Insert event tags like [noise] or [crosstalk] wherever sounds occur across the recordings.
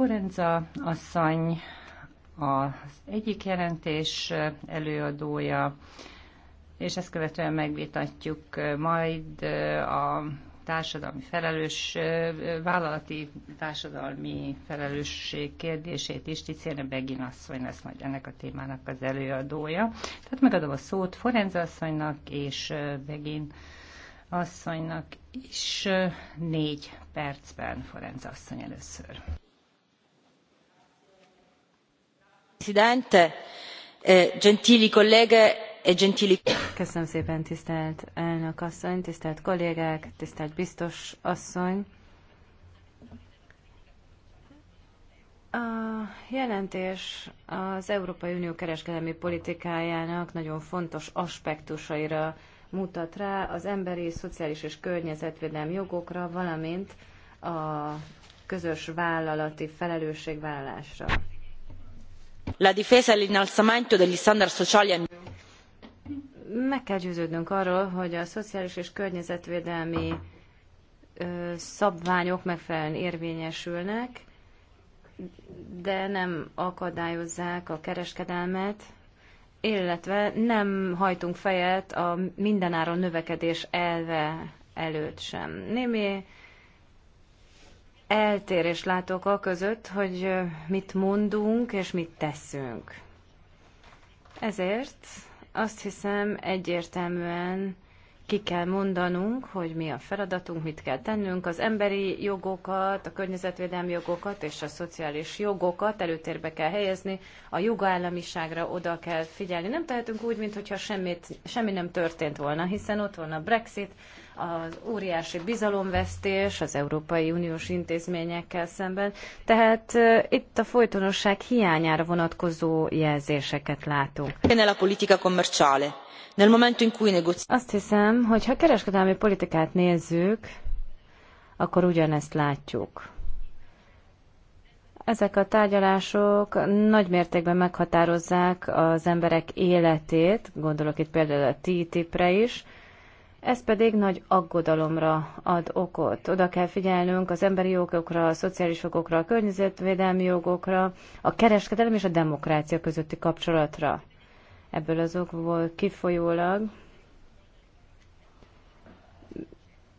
Forenza asszony az egyik jelentés előadója, és ezt követően megvitatjuk majd a társadalmi felelős, vállalati társadalmi felelősség kérdését is. Ticéne Begin asszony lesz majd ennek a témának az előadója. Tehát megadom a szót Forenza asszonynak és Begin asszonynak is négy percben Forenza asszony először. Presidente, eh, gentili colleghe e gentili... Köszönöm szépen, tisztelt elnök asszony, tisztelt kollégák, tisztelt biztos asszony. A jelentés az Európai Unió kereskedelmi politikájának nagyon fontos aspektusaira mutat rá, az emberi, szociális és környezetvédelmi jogokra, valamint a közös vállalati felelősségvállalásra la difesa e l'innalzamento degli standard sociali e meg kell győződnünk arról, hogy a szociális és környezetvédelmi szabványok megfelelően érvényesülnek, de nem akadályozzák a kereskedelmet, illetve nem hajtunk fejet a mindenáron növekedés elve előtt sem. Némi eltérés látok a között, hogy mit mondunk és mit teszünk. Ezért azt hiszem egyértelműen ki kell mondanunk, hogy mi a feladatunk, mit kell tennünk, az emberi jogokat, a környezetvédelmi jogokat és a szociális jogokat előtérbe kell helyezni, a jogállamiságra oda kell figyelni. Nem tehetünk úgy, mintha semmit, semmi nem történt volna, hiszen ott van a Brexit, az óriási bizalomvesztés az Európai Uniós intézményekkel szemben. Tehát itt a folytonosság hiányára vonatkozó jelzéseket látunk. a politika commerciale. Nel momento in cui negozi... Azt hiszem, hogy ha kereskedelmi politikát nézzük, akkor ugyanezt látjuk. Ezek a tárgyalások nagy mértékben meghatározzák az emberek életét, gondolok itt például a TTIP-re is, ez pedig nagy aggodalomra ad okot. Oda kell figyelnünk az emberi jogokra, a szociális jogokra, a környezetvédelmi jogokra, a kereskedelem és a demokrácia közötti kapcsolatra. Ebből azokból kifolyólag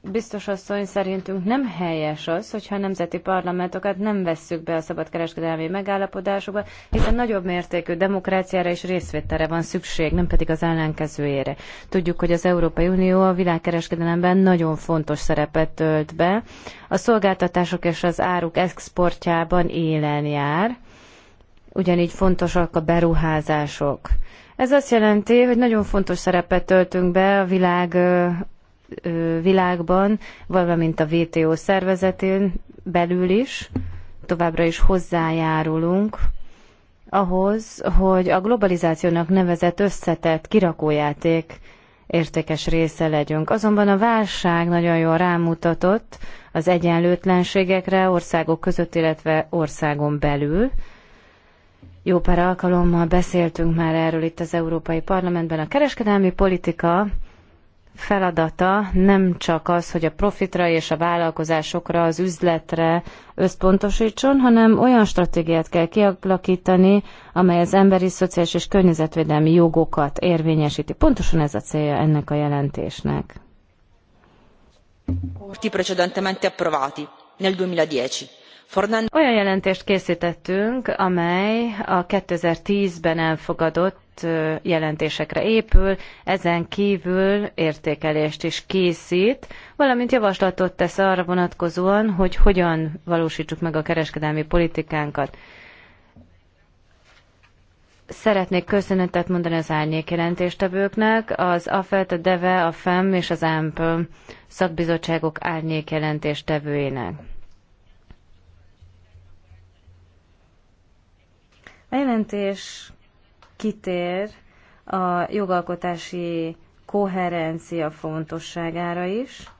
biztos asszony szerintünk nem helyes az, hogyha a nemzeti parlamentokat nem vesszük be a szabadkereskedelmi megállapodásokba, hiszen nagyobb mértékű demokráciára és részvételre van szükség, nem pedig az ellenkezőjére. Tudjuk, hogy az Európai Unió a világkereskedelemben nagyon fontos szerepet tölt be. A szolgáltatások és az áruk exportjában élen jár, ugyanígy fontosak a beruházások. Ez azt jelenti, hogy nagyon fontos szerepet töltünk be a világ világban, valamint a WTO szervezetén belül is továbbra is hozzájárulunk ahhoz, hogy a globalizációnak nevezett összetett kirakójáték értékes része legyünk. Azonban a válság nagyon jól rámutatott az egyenlőtlenségekre országok között, illetve országon belül. Jó pár alkalommal beszéltünk már erről itt az Európai Parlamentben. A kereskedelmi politika feladata nem csak az, hogy a profitra és a vállalkozásokra, az üzletre összpontosítson, hanem olyan stratégiát kell kialakítani, amely az emberi, szociális és környezetvédelmi jogokat érvényesíti. Pontosan ez a célja ennek a jelentésnek. Ti precedentemente approvati nel 2010 olyan jelentést készítettünk, amely a 2010-ben elfogadott jelentésekre épül, ezen kívül értékelést is készít, valamint javaslatot tesz arra vonatkozóan, hogy hogyan valósítsuk meg a kereskedelmi politikánkat. Szeretnék köszönetet mondani az árnyék jelentéstevőknek, az AFET, a DEVE, a FEM és az AMP szakbizottságok árnyék jelentéstevőinek. A jelentés kitér a jogalkotási koherencia fontosságára is.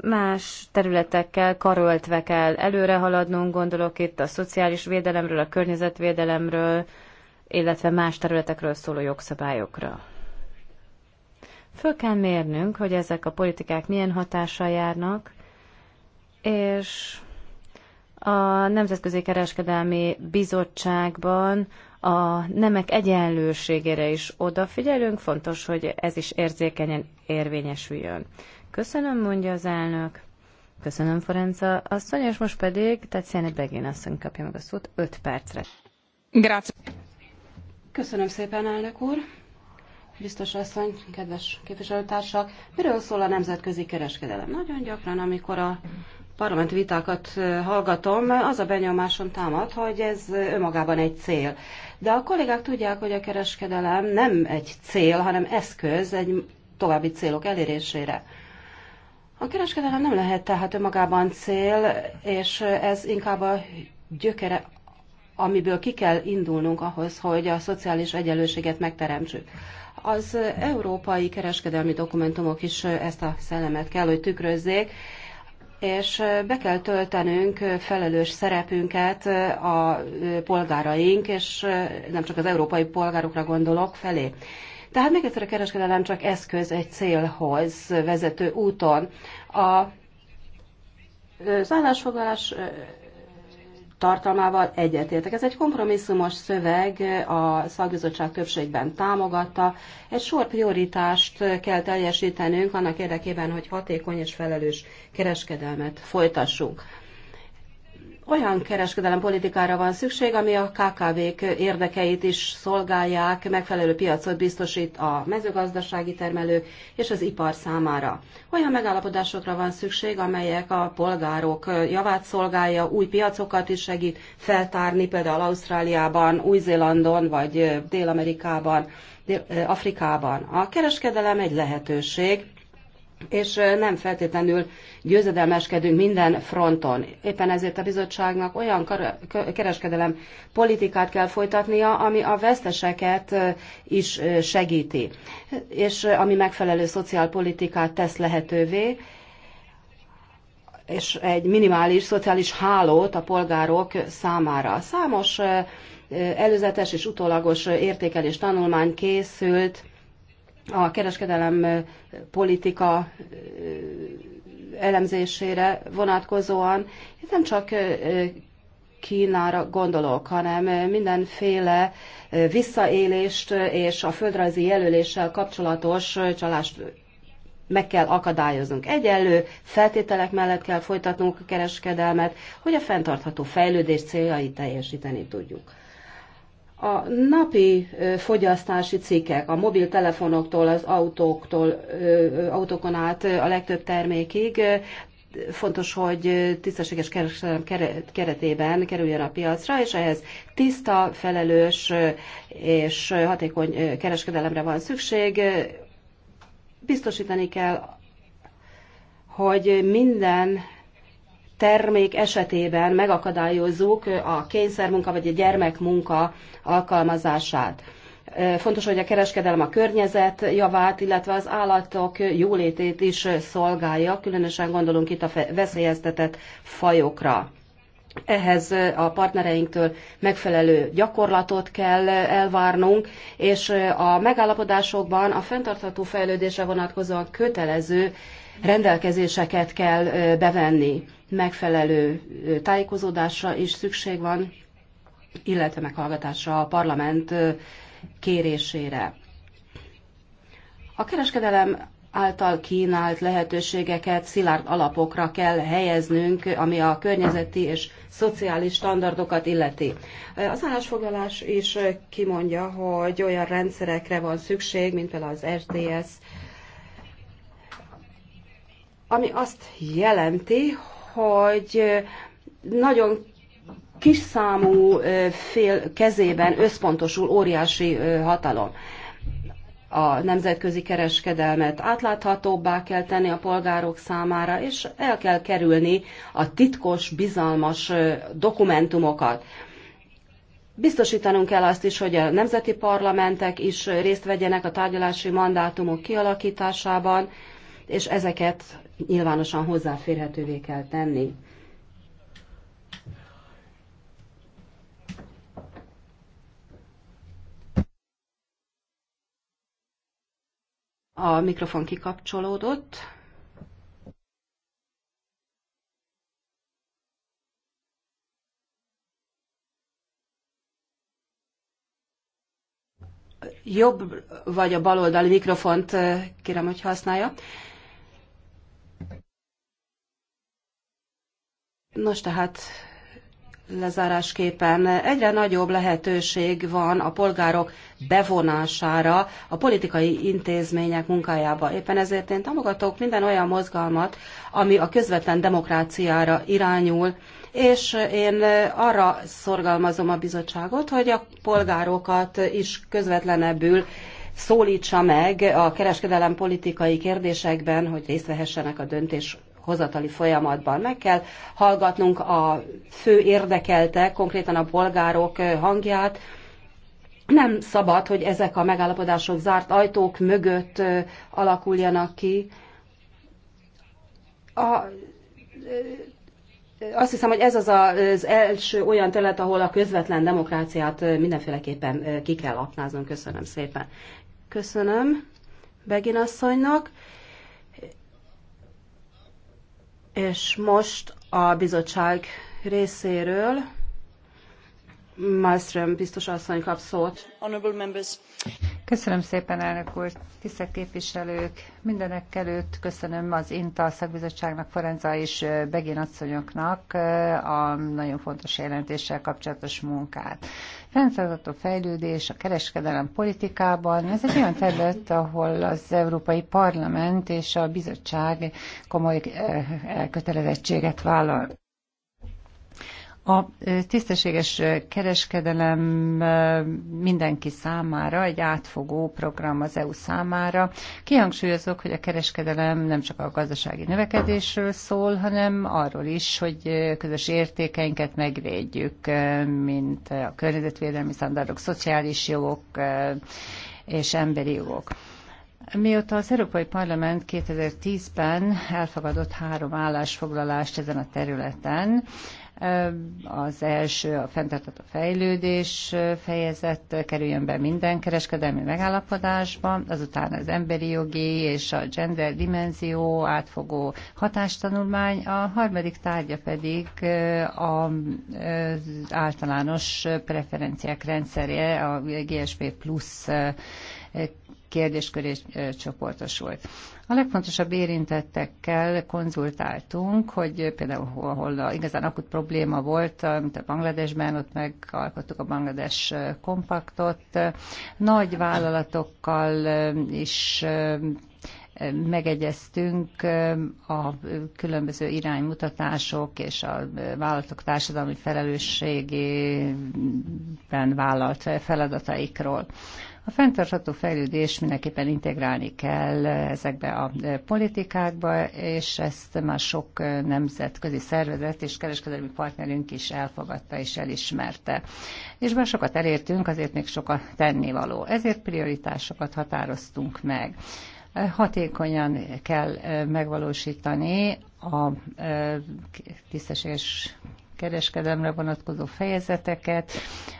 Más területekkel karöltve kell előre haladnunk, gondolok itt a szociális védelemről, a környezetvédelemről, illetve más területekről szóló jogszabályokra. Föl kell mérnünk, hogy ezek a politikák milyen hatással járnak, és a Nemzetközi Kereskedelmi Bizottságban a nemek egyenlőségére is odafigyelünk, fontos, hogy ez is érzékenyen érvényesüljön. Köszönöm, mondja az elnök. Köszönöm, Forenza asszony, és most pedig Tatjana Begén asszony kapja meg a szót 5 percre. Grazie. Köszönöm szépen, elnök úr. Biztos asszony, kedves képviselőtársak, miről szól a nemzetközi kereskedelem? Nagyon gyakran, amikor a parlament vitákat hallgatom, az a benyomásom támad, hogy ez önmagában egy cél. De a kollégák tudják, hogy a kereskedelem nem egy cél, hanem eszköz egy további célok elérésére. A kereskedelem nem lehet tehát önmagában cél, és ez inkább a gyökere, amiből ki kell indulnunk ahhoz, hogy a szociális egyenlőséget megteremtsük. Az európai kereskedelmi dokumentumok is ezt a szellemet kell, hogy tükrözzék, és be kell töltenünk felelős szerepünket a polgáraink, és nem csak az európai polgárokra gondolok felé. Tehát még egyszer a kereskedelem csak eszköz egy célhoz vezető úton. A az állásfoglalás tartalmával egyetértek. Ez egy kompromisszumos szöveg, a szakbizottság többségben támogatta. Egy sor prioritást kell teljesítenünk annak érdekében, hogy hatékony és felelős kereskedelmet folytassunk olyan kereskedelem politikára van szükség, ami a KKV-k érdekeit is szolgálják, megfelelő piacot biztosít a mezőgazdasági termelők és az ipar számára. Olyan megállapodásokra van szükség, amelyek a polgárok javát szolgálja, új piacokat is segít feltárni, például Ausztráliában, Új-Zélandon vagy Dél-Amerikában, Dél Afrikában. A kereskedelem egy lehetőség, és nem feltétlenül győzedelmeskedünk minden fronton. Éppen ezért a bizottságnak olyan kereskedelem politikát kell folytatnia, ami a veszteseket is segíti, és ami megfelelő szociálpolitikát tesz lehetővé, és egy minimális szociális hálót a polgárok számára. Számos előzetes és utólagos értékelés tanulmány készült, a kereskedelem politika elemzésére vonatkozóan. én nem csak Kínára gondolok, hanem mindenféle visszaélést és a földrajzi jelöléssel kapcsolatos csalást meg kell akadályoznunk. Egyenlő feltételek mellett kell folytatnunk a kereskedelmet, hogy a fenntartható fejlődés céljait teljesíteni tudjuk. A napi fogyasztási cikkek, a mobiltelefonoktól, az autóktól, autókon át a legtöbb termékig fontos, hogy tisztességes kereskedelem keretében kerüljön a piacra, és ehhez tiszta, felelős és hatékony kereskedelemre van szükség. Biztosítani kell, hogy minden termék esetében megakadályozzuk a kényszermunka vagy a gyermekmunka alkalmazását. Fontos, hogy a kereskedelem a környezet javát, illetve az állatok jólétét is szolgálja, különösen gondolunk itt a veszélyeztetett fajokra. Ehhez a partnereinktől megfelelő gyakorlatot kell elvárnunk, és a megállapodásokban a fenntartható fejlődésre vonatkozóan kötelező rendelkezéseket kell bevenni. Megfelelő tájékozódásra is szükség van, illetve meghallgatásra a parlament kérésére. A kereskedelem által kínált lehetőségeket szilárd alapokra kell helyeznünk, ami a környezeti és szociális standardokat illeti. Az állásfoglalás is kimondja, hogy olyan rendszerekre van szükség, mint például az SDS ami azt jelenti, hogy nagyon kis számú fél kezében összpontosul óriási hatalom. A nemzetközi kereskedelmet átláthatóbbá kell tenni a polgárok számára, és el kell kerülni a titkos, bizalmas dokumentumokat. Biztosítanunk kell azt is, hogy a nemzeti parlamentek is részt vegyenek a tárgyalási mandátumok kialakításában, és ezeket nyilvánosan hozzáférhetővé kell tenni. A mikrofon kikapcsolódott. Jobb vagy a baloldali mikrofont eh, kérem, hogy használja. Nos, tehát lezárásképpen egyre nagyobb lehetőség van a polgárok bevonására a politikai intézmények munkájába. Éppen ezért én támogatok minden olyan mozgalmat, ami a közvetlen demokráciára irányul, és én arra szorgalmazom a bizottságot, hogy a polgárokat is közvetlenebbül szólítsa meg a kereskedelem politikai kérdésekben, hogy részt vehessenek a döntés hozatali folyamatban. Meg kell hallgatnunk a fő érdekeltek, konkrétan a bolgárok hangját. Nem szabad, hogy ezek a megállapodások zárt ajtók mögött alakuljanak ki. A azt hiszem, hogy ez az az első olyan terület, ahol a közvetlen demokráciát mindenféleképpen ki kell aknáznunk. Köszönöm szépen. Köszönöm Begin asszonynak. És most a bizottság részéről Malmström biztos asszony kap szót. Köszönöm szépen, elnök úr. Tisztelt képviselők, mindenek előtt köszönöm az INTA szakbizottságnak, Forenza és Begin asszonyoknak a nagyon fontos jelentéssel kapcsolatos munkát. Fenntartható fejlődés a kereskedelem politikában, ez egy olyan terület, ahol az Európai Parlament és a bizottság komoly kötelezettséget vállal. A tisztességes kereskedelem mindenki számára, egy átfogó program az EU számára. Kihangsúlyozok, hogy a kereskedelem nem csak a gazdasági növekedésről szól, hanem arról is, hogy közös értékeinket megvédjük, mint a környezetvédelmi standardok, szociális jogok és emberi jogok. Mióta az Európai Parlament 2010-ben elfogadott három állásfoglalást ezen a területen, az első a fenntartható fejlődés fejezet kerüljön be minden kereskedelmi megállapodásba, azután az emberi jogi és a gender dimenzió átfogó hatástanulmány, a harmadik tárgya pedig az általános preferenciák rendszerje, a GSP plusz kérdéskör és csoportosult. A legfontosabb érintettekkel konzultáltunk, hogy például hol igazán akut probléma volt, mint a Bangladesben, ott megalkottuk a Banglades kompaktot. Nagy vállalatokkal is megegyeztünk a különböző iránymutatások és a vállalatok társadalmi felelősségében vállalt feladataikról. A fenntartható fejlődés mindenképpen integrálni kell ezekbe a politikákba, és ezt már sok nemzetközi szervezet és kereskedelmi partnerünk is elfogadta és elismerte. És már sokat elértünk, azért még sok a tennivaló. Ezért prioritásokat határoztunk meg hatékonyan kell megvalósítani a tisztességes kereskedelemre vonatkozó fejezeteket,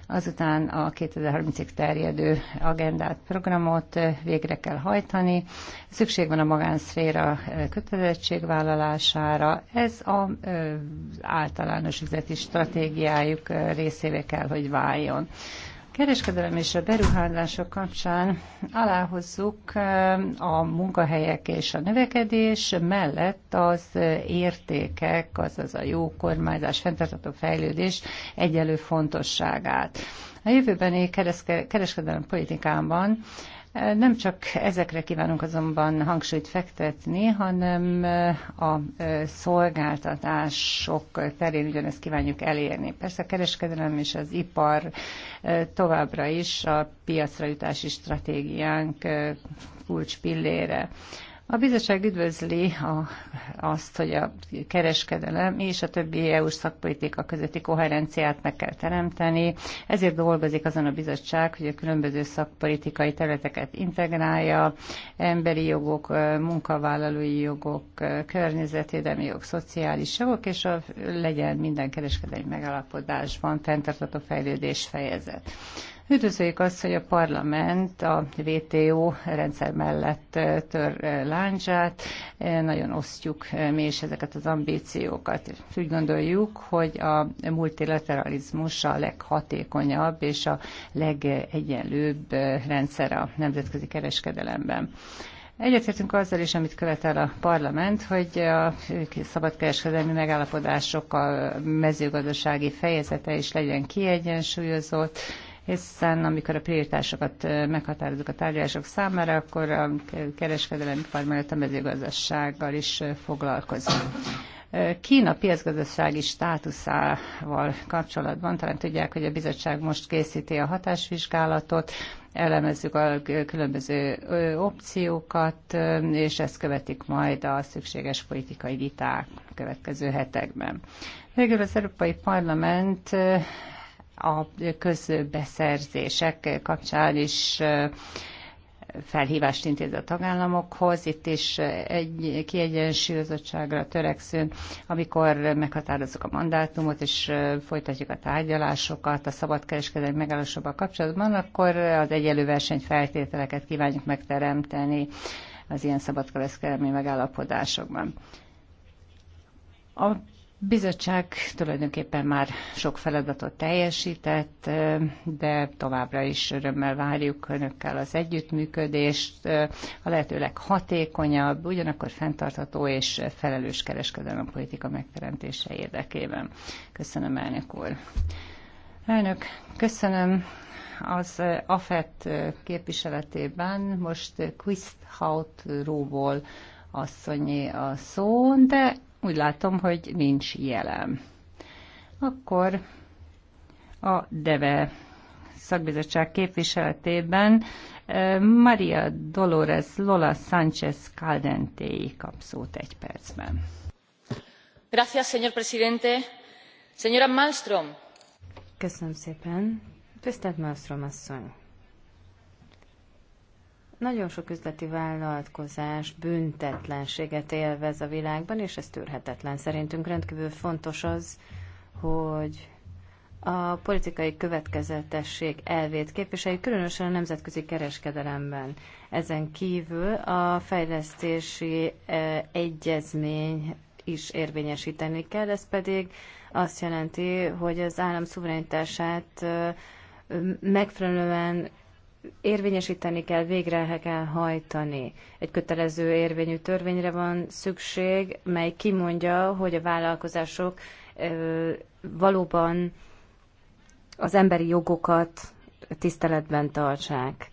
azután a 2030-ig terjedő agendát, programot eh, végre kell hajtani. Szükség van a magánszféra eh, kötelezettségvállalására. Ez az eh, általános üzleti stratégiájuk részévé kell, hogy váljon kereskedelem és a beruházások kapcsán aláhozzuk eh, a munkahelyek és a növekedés mellett az értékek, azaz a jó kormányzás, fenntartható fejlődés egyelő fontosságát. A jövőbeni kereskedelmi politikában. Nem csak ezekre kívánunk azonban hangsúlyt fektetni, hanem a szolgáltatások terén ugyanezt kívánjuk elérni. Persze a kereskedelem és az ipar továbbra is a piacra jutási stratégiánk kulcs pillére. A bizottság üdvözli a, azt, hogy a kereskedelem és a többi EU-s szakpolitika közötti koherenciát meg kell teremteni, ezért dolgozik azon a bizottság, hogy a különböző szakpolitikai területeket integrálja, emberi jogok, munkavállalói jogok, környezetvédelmi jogok, szociális jogok, és a, legyen minden kereskedelmi megalapodásban fenntartható fejlődés fejezet. Üdvözöljük azt, hogy a parlament a WTO rendszer mellett eh, tör eh, láncsát, eh, nagyon osztjuk mi is ezeket az ambíciókat. úgy gondoljuk, hogy a multilateralizmus a leghatékonyabb és a legegyenlőbb rendszer a nemzetközi kereskedelemben. Egyetértünk azzal is, amit követel a parlament, hogy a szabadkereskedelmi megállapodások a mezőgazdasági fejezete is legyen kiegyensúlyozott, hiszen amikor a prioritásokat meghatározunk a tárgyalások számára, akkor a kereskedelem ipar mellett a mezőgazdasággal is foglalkozunk. Kína piacgazdasági státuszával kapcsolatban talán tudják, hogy a bizottság most készíti a hatásvizsgálatot, elemezzük a különböző opciókat, és ezt követik majd a szükséges politikai viták következő hetekben. Végül az Európai Parlament a közbeszerzések kapcsán is felhívást intéz a tagállamokhoz. Itt is egy kiegyensúlyozottságra törekszünk, amikor meghatározzuk a mandátumot, és folytatjuk a tárgyalásokat a szabadkereskedelmi megállásokban kapcsolatban, akkor az egyelő feltételeket kívánjuk megteremteni az ilyen szabadkereskedelmi megállapodásokban. A bizottság tulajdonképpen már sok feladatot teljesített, de továbbra is örömmel várjuk önökkel az együttműködést, a lehetőleg hatékonyabb, ugyanakkor fenntartható és felelős kereskedelmi politika megteremtése érdekében. Köszönöm, elnök úr. Elnök, köszönöm az AFET képviseletében most Quisthaut Róból asszonyi a szó, de úgy látom, hogy nincs jelen. Akkor a DEVE szakbizottság képviseletében Maria Dolores Lola Sánchez Caldente kap szót egy percben. Gracias, señor presidente. Señora Malmström. Köszönöm szépen. Tisztelt Malmström asszony. Nagyon sok üzleti vállalkozás büntetlenséget élvez a világban, és ez tűrhetetlen. Szerintünk rendkívül fontos az, hogy a politikai következetesség elvét képviseljük, különösen a nemzetközi kereskedelemben. Ezen kívül a fejlesztési e, egyezmény is érvényesíteni kell, ez pedig azt jelenti, hogy az állam szuverenitását e, megfelelően érvényesíteni kell, végre kell hajtani. Egy kötelező érvényű törvényre van szükség, mely kimondja, hogy a vállalkozások valóban az emberi jogokat tiszteletben tartsák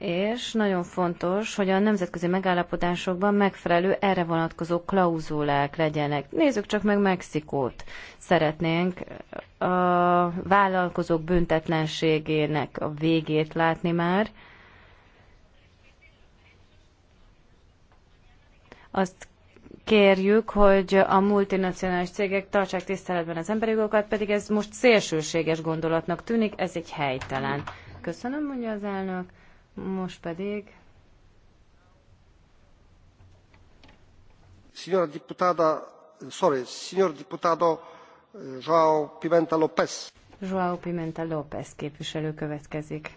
és nagyon fontos, hogy a nemzetközi megállapodásokban megfelelő erre vonatkozó klauzulák legyenek. Nézzük csak meg Mexikót. Szeretnénk a vállalkozók büntetlenségének a végét látni már. Azt kérjük, hogy a multinacionális cégek tartsák tiszteletben az emberi jogokat, pedig ez most szélsőséges gondolatnak tűnik, ez egy helytelen. Köszönöm, mondja az elnök. Most pedig... Signora deputada, sorry, signor deputado eh, João Pimenta López. João Pimenta López képviselő következik.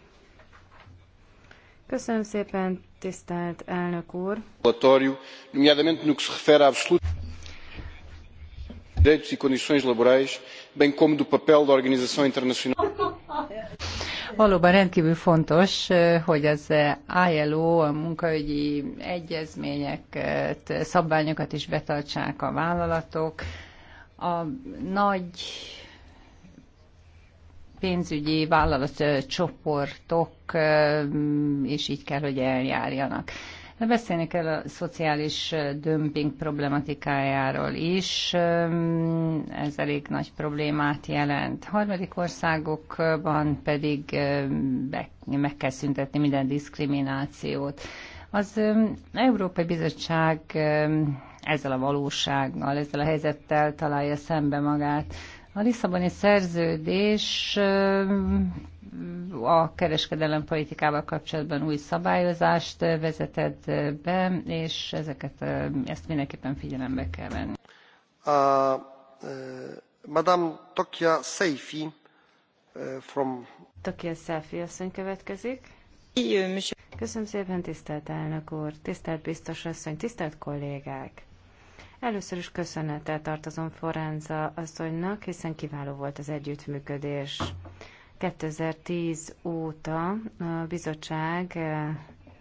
Köszönöm szépen, tisztelt elnök úr. Relatório, nomeadamente no que se refere à absoluta direitos e condições laborais, bem como do papel da Organização Internacional [laughs] Valóban rendkívül fontos, hogy az ILO, a munkaügyi egyezményeket, szabványokat is betartsák a vállalatok. A nagy pénzügyi vállalatcsoportok, és így kell, hogy eljárjanak. De beszélni kell a szociális dömping problematikájáról is. Ez elég nagy problémát jelent. Harmadik országokban pedig meg kell szüntetni minden diszkriminációt. Az Európai Bizottság ezzel a valósággal, ezzel a helyzettel találja szembe magát. A Lisszaboni szerződés a kereskedelem politikával kapcsolatban új szabályozást vezetett be, és ezeket, ezt mindenképpen figyelembe kell venni. A, uh, Madame Tokia Seifi uh, from... Tokia Seifi asszony következik. Köszönöm szépen, tisztelt elnök úr, tisztelt biztos asszony, tisztelt kollégák! Először is köszönettel tartozom Forenza asszonynak, hiszen kiváló volt az együttműködés. 2010 óta a bizottság eh,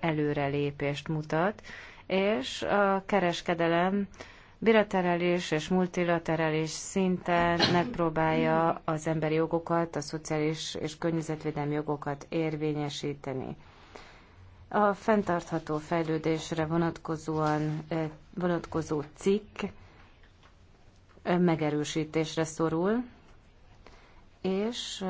előrelépést mutat, és a kereskedelem bilaterális és multilaterális szinten megpróbálja az emberi jogokat, a szociális és környezetvédelmi jogokat érvényesíteni. A fenntartható fejlődésre vonatkozóan vonatkozó cikk megerősítésre szorul, és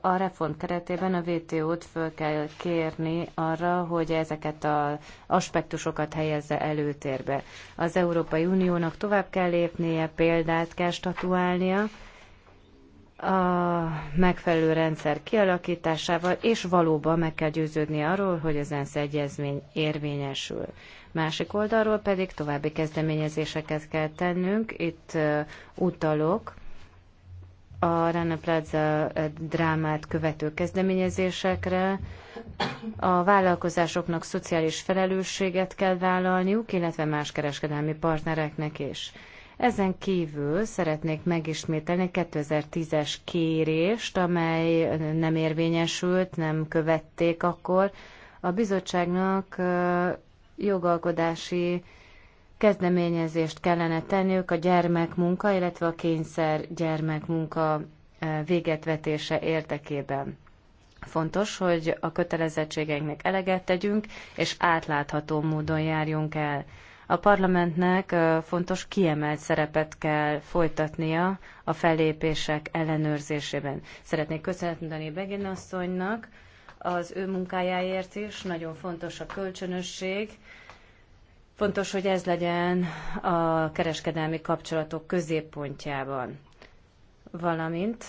a reform keretében a vto t föl kell kérni arra, hogy ezeket az aspektusokat helyezze előtérbe. Az Európai Uniónak tovább kell lépnie, példát kell statuálnia, a megfelelő rendszer kialakításával, és valóban meg kell győződni arról, hogy az ENSZ egyezmény érvényesül. Másik oldalról pedig további kezdeményezéseket kell tennünk. Itt utalok a Rana Plaza drámát követő kezdeményezésekre. A vállalkozásoknak szociális felelősséget kell vállalniuk, illetve más kereskedelmi partnereknek is. Ezen kívül szeretnék megismételni 2010-es kérést, amely nem érvényesült, nem követték akkor. A bizottságnak jogalkodási kezdeményezést kellene tenniük a gyermekmunka, illetve a kényszer gyermekmunka végetvetése érdekében. Fontos, hogy a kötelezettségeinknek eleget tegyünk, és átlátható módon járjunk el. A parlamentnek fontos kiemelt szerepet kell folytatnia a fellépések ellenőrzésében. Szeretnék köszönetni Begin asszonynak az ő munkájáért is. Nagyon fontos a kölcsönösség. Fontos, hogy ez legyen a kereskedelmi kapcsolatok középpontjában. Valamint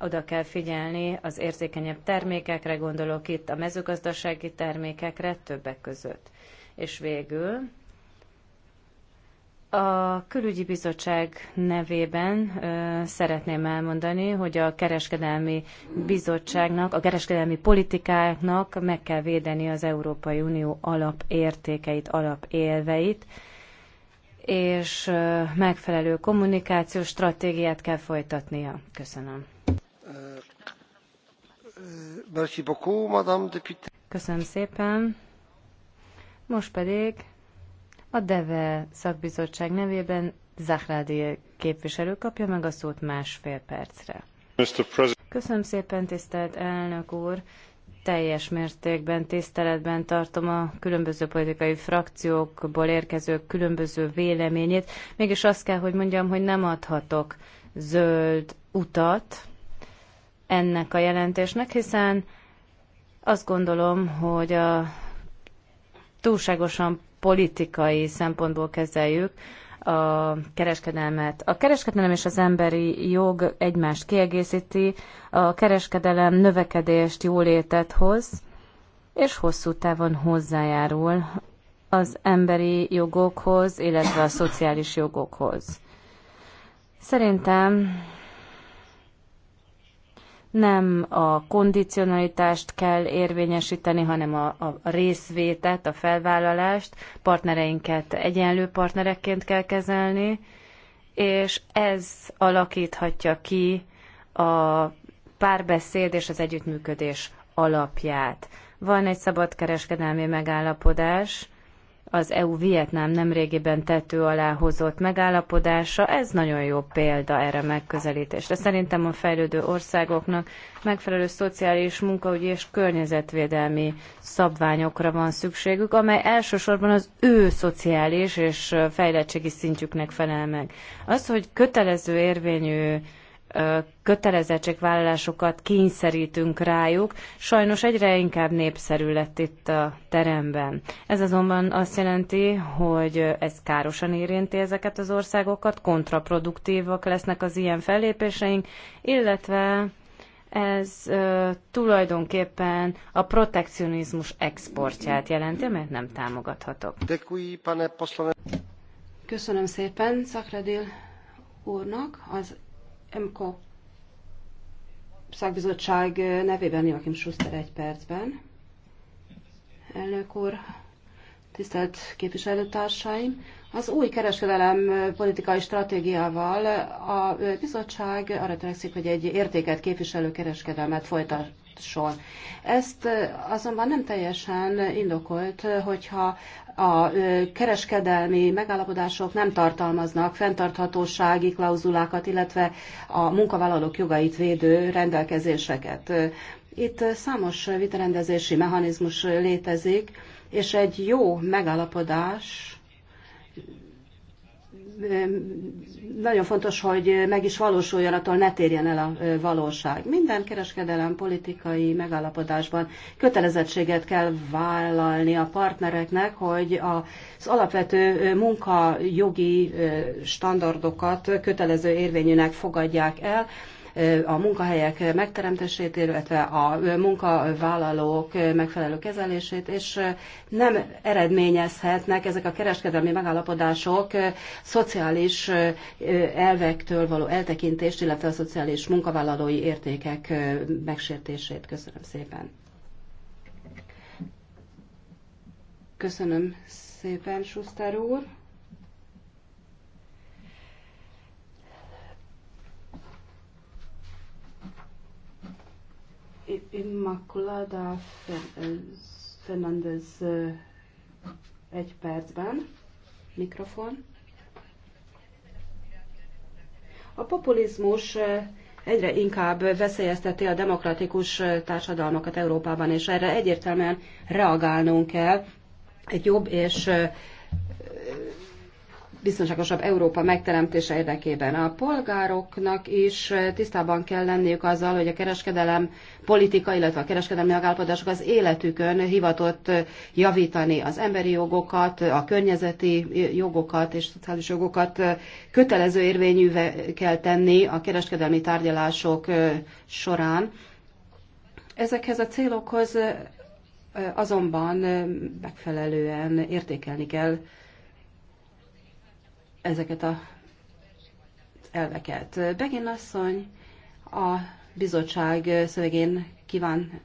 oda kell figyelni az érzékenyebb termékekre, gondolok itt a mezőgazdasági termékekre többek között. És végül a külügyi bizottság nevében ö, szeretném elmondani, hogy a kereskedelmi bizottságnak, a kereskedelmi politikáknak meg kell védeni az Európai Unió alapértékeit, alapélveit, és ö, megfelelő kommunikációs stratégiát kell folytatnia. Köszönöm. Köszönöm szépen. Most pedig a DEVE szakbizottság nevében Zahrádi képviselő kapja meg a szót másfél percre. Köszönöm szépen, tisztelt elnök úr! Teljes mértékben, tiszteletben tartom a különböző politikai frakciókból érkező különböző véleményét. Mégis azt kell, hogy mondjam, hogy nem adhatok zöld utat ennek a jelentésnek, hiszen azt gondolom, hogy a túlságosan politikai szempontból kezeljük a kereskedelmet. A kereskedelem és az emberi jog egymást kiegészíti, a kereskedelem növekedést, jólétet hoz, és hosszú távon hozzájárul az emberi jogokhoz, illetve a szociális jogokhoz. Szerintem nem a kondicionalitást kell érvényesíteni, hanem a, a részvétet, a felvállalást, partnereinket egyenlő partnerekként kell kezelni, és ez alakíthatja ki a párbeszéd és az együttműködés alapját. Van egy szabadkereskedelmi megállapodás, az EU-Vietnám nemrégiben tető alá hozott megállapodása, ez nagyon jó példa erre megközelítésre. Szerintem a fejlődő országoknak megfelelő szociális, munkaügyi és környezetvédelmi szabványokra van szükségük, amely elsősorban az ő szociális és fejlettségi szintjüknek felel meg. Az, hogy kötelező érvényű kötelezettségvállalásokat kényszerítünk rájuk, sajnos egyre inkább népszerű lett itt a teremben. Ez azonban azt jelenti, hogy ez károsan érinti ezeket az országokat, kontraproduktívak lesznek az ilyen fellépéseink, illetve ez ö, tulajdonképpen a protekcionizmus exportját jelenti, mert nem támogathatok. Köszönöm szépen Szakradil úrnak az MK szakbizottság eh, nevében Joachim Schuster egy percben. Elnök úr, tisztelt képviselőtársaim! Az új kereskedelem eh, politikai stratégiával a eh, bizottság arra törekszik, hogy egy értéket képviselő kereskedelmet folytat, sor. Ezt azonban nem teljesen indokolt, hogyha a kereskedelmi megállapodások nem tartalmaznak fenntarthatósági klauzulákat, illetve a munkavállalók jogait védő rendelkezéseket. Itt számos vitarendezési mechanizmus létezik, és egy jó megállapodás nagyon fontos, hogy meg is valósuljon, attól ne térjen el a valóság. Minden kereskedelem politikai megállapodásban kötelezettséget kell vállalni a partnereknek, hogy az alapvető munkajogi standardokat kötelező érvényűnek fogadják el, a munkahelyek megteremtését, illetve a munkavállalók megfelelő kezelését, és nem eredményezhetnek ezek a kereskedelmi megállapodások szociális elvektől való eltekintést, illetve a szociális munkavállalói értékek megsértését. Köszönöm szépen. Köszönöm szépen, Schuster úr. Immaculada Fernandez egy percben. Mikrofon. A populizmus egyre inkább veszélyezteti a demokratikus társadalmakat Európában, és erre egyértelműen reagálnunk kell. Egy jobb és biztonságosabb Európa megteremtése érdekében. A polgároknak is eh, tisztában kell lenniük azzal, hogy a kereskedelem politika, illetve a kereskedelmi megállapodások az életükön hivatott eh, javítani az emberi jogokat, a környezeti eh, jogokat és szociális jogokat kötelező érvényűvé kell tenni a kereskedelmi tárgyalások során. Ezekhez a célokhoz azonban megfelelően értékelni kell ezeket a elveket. Begin asszony a bizottság szövegén kíván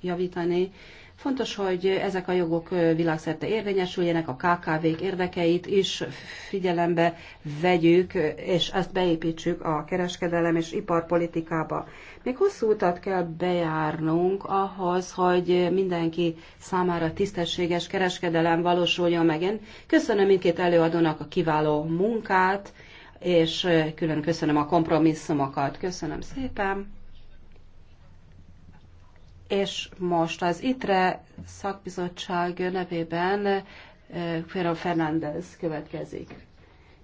javítani, Fontos, hogy ezek a jogok világszerte érvényesüljenek, a KKV-k érdekeit is figyelembe vegyük, és ezt beépítsük a kereskedelem és iparpolitikába. Még hosszú utat kell bejárnunk ahhoz, hogy mindenki számára tisztességes kereskedelem valósuljon meg. Én köszönöm mindkét előadónak a kiváló munkát, és külön köszönöm a kompromisszumokat. Köszönöm szépen! És most az ITRE szakbizottság nevében eh, Fero Fernández következik.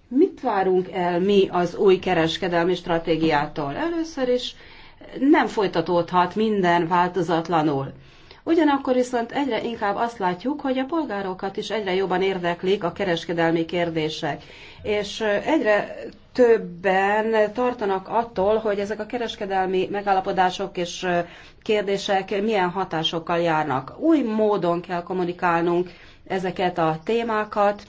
Mit várunk el mi az új kereskedelmi stratégiától? Először is nem folytatódhat minden változatlanul. Ugyanakkor viszont egyre inkább azt látjuk, hogy a polgárokat is egyre jobban érdeklik a kereskedelmi kérdések, és egyre többen tartanak attól, hogy ezek a kereskedelmi megállapodások és kérdések milyen hatásokkal járnak. Új módon kell kommunikálnunk ezeket a témákat,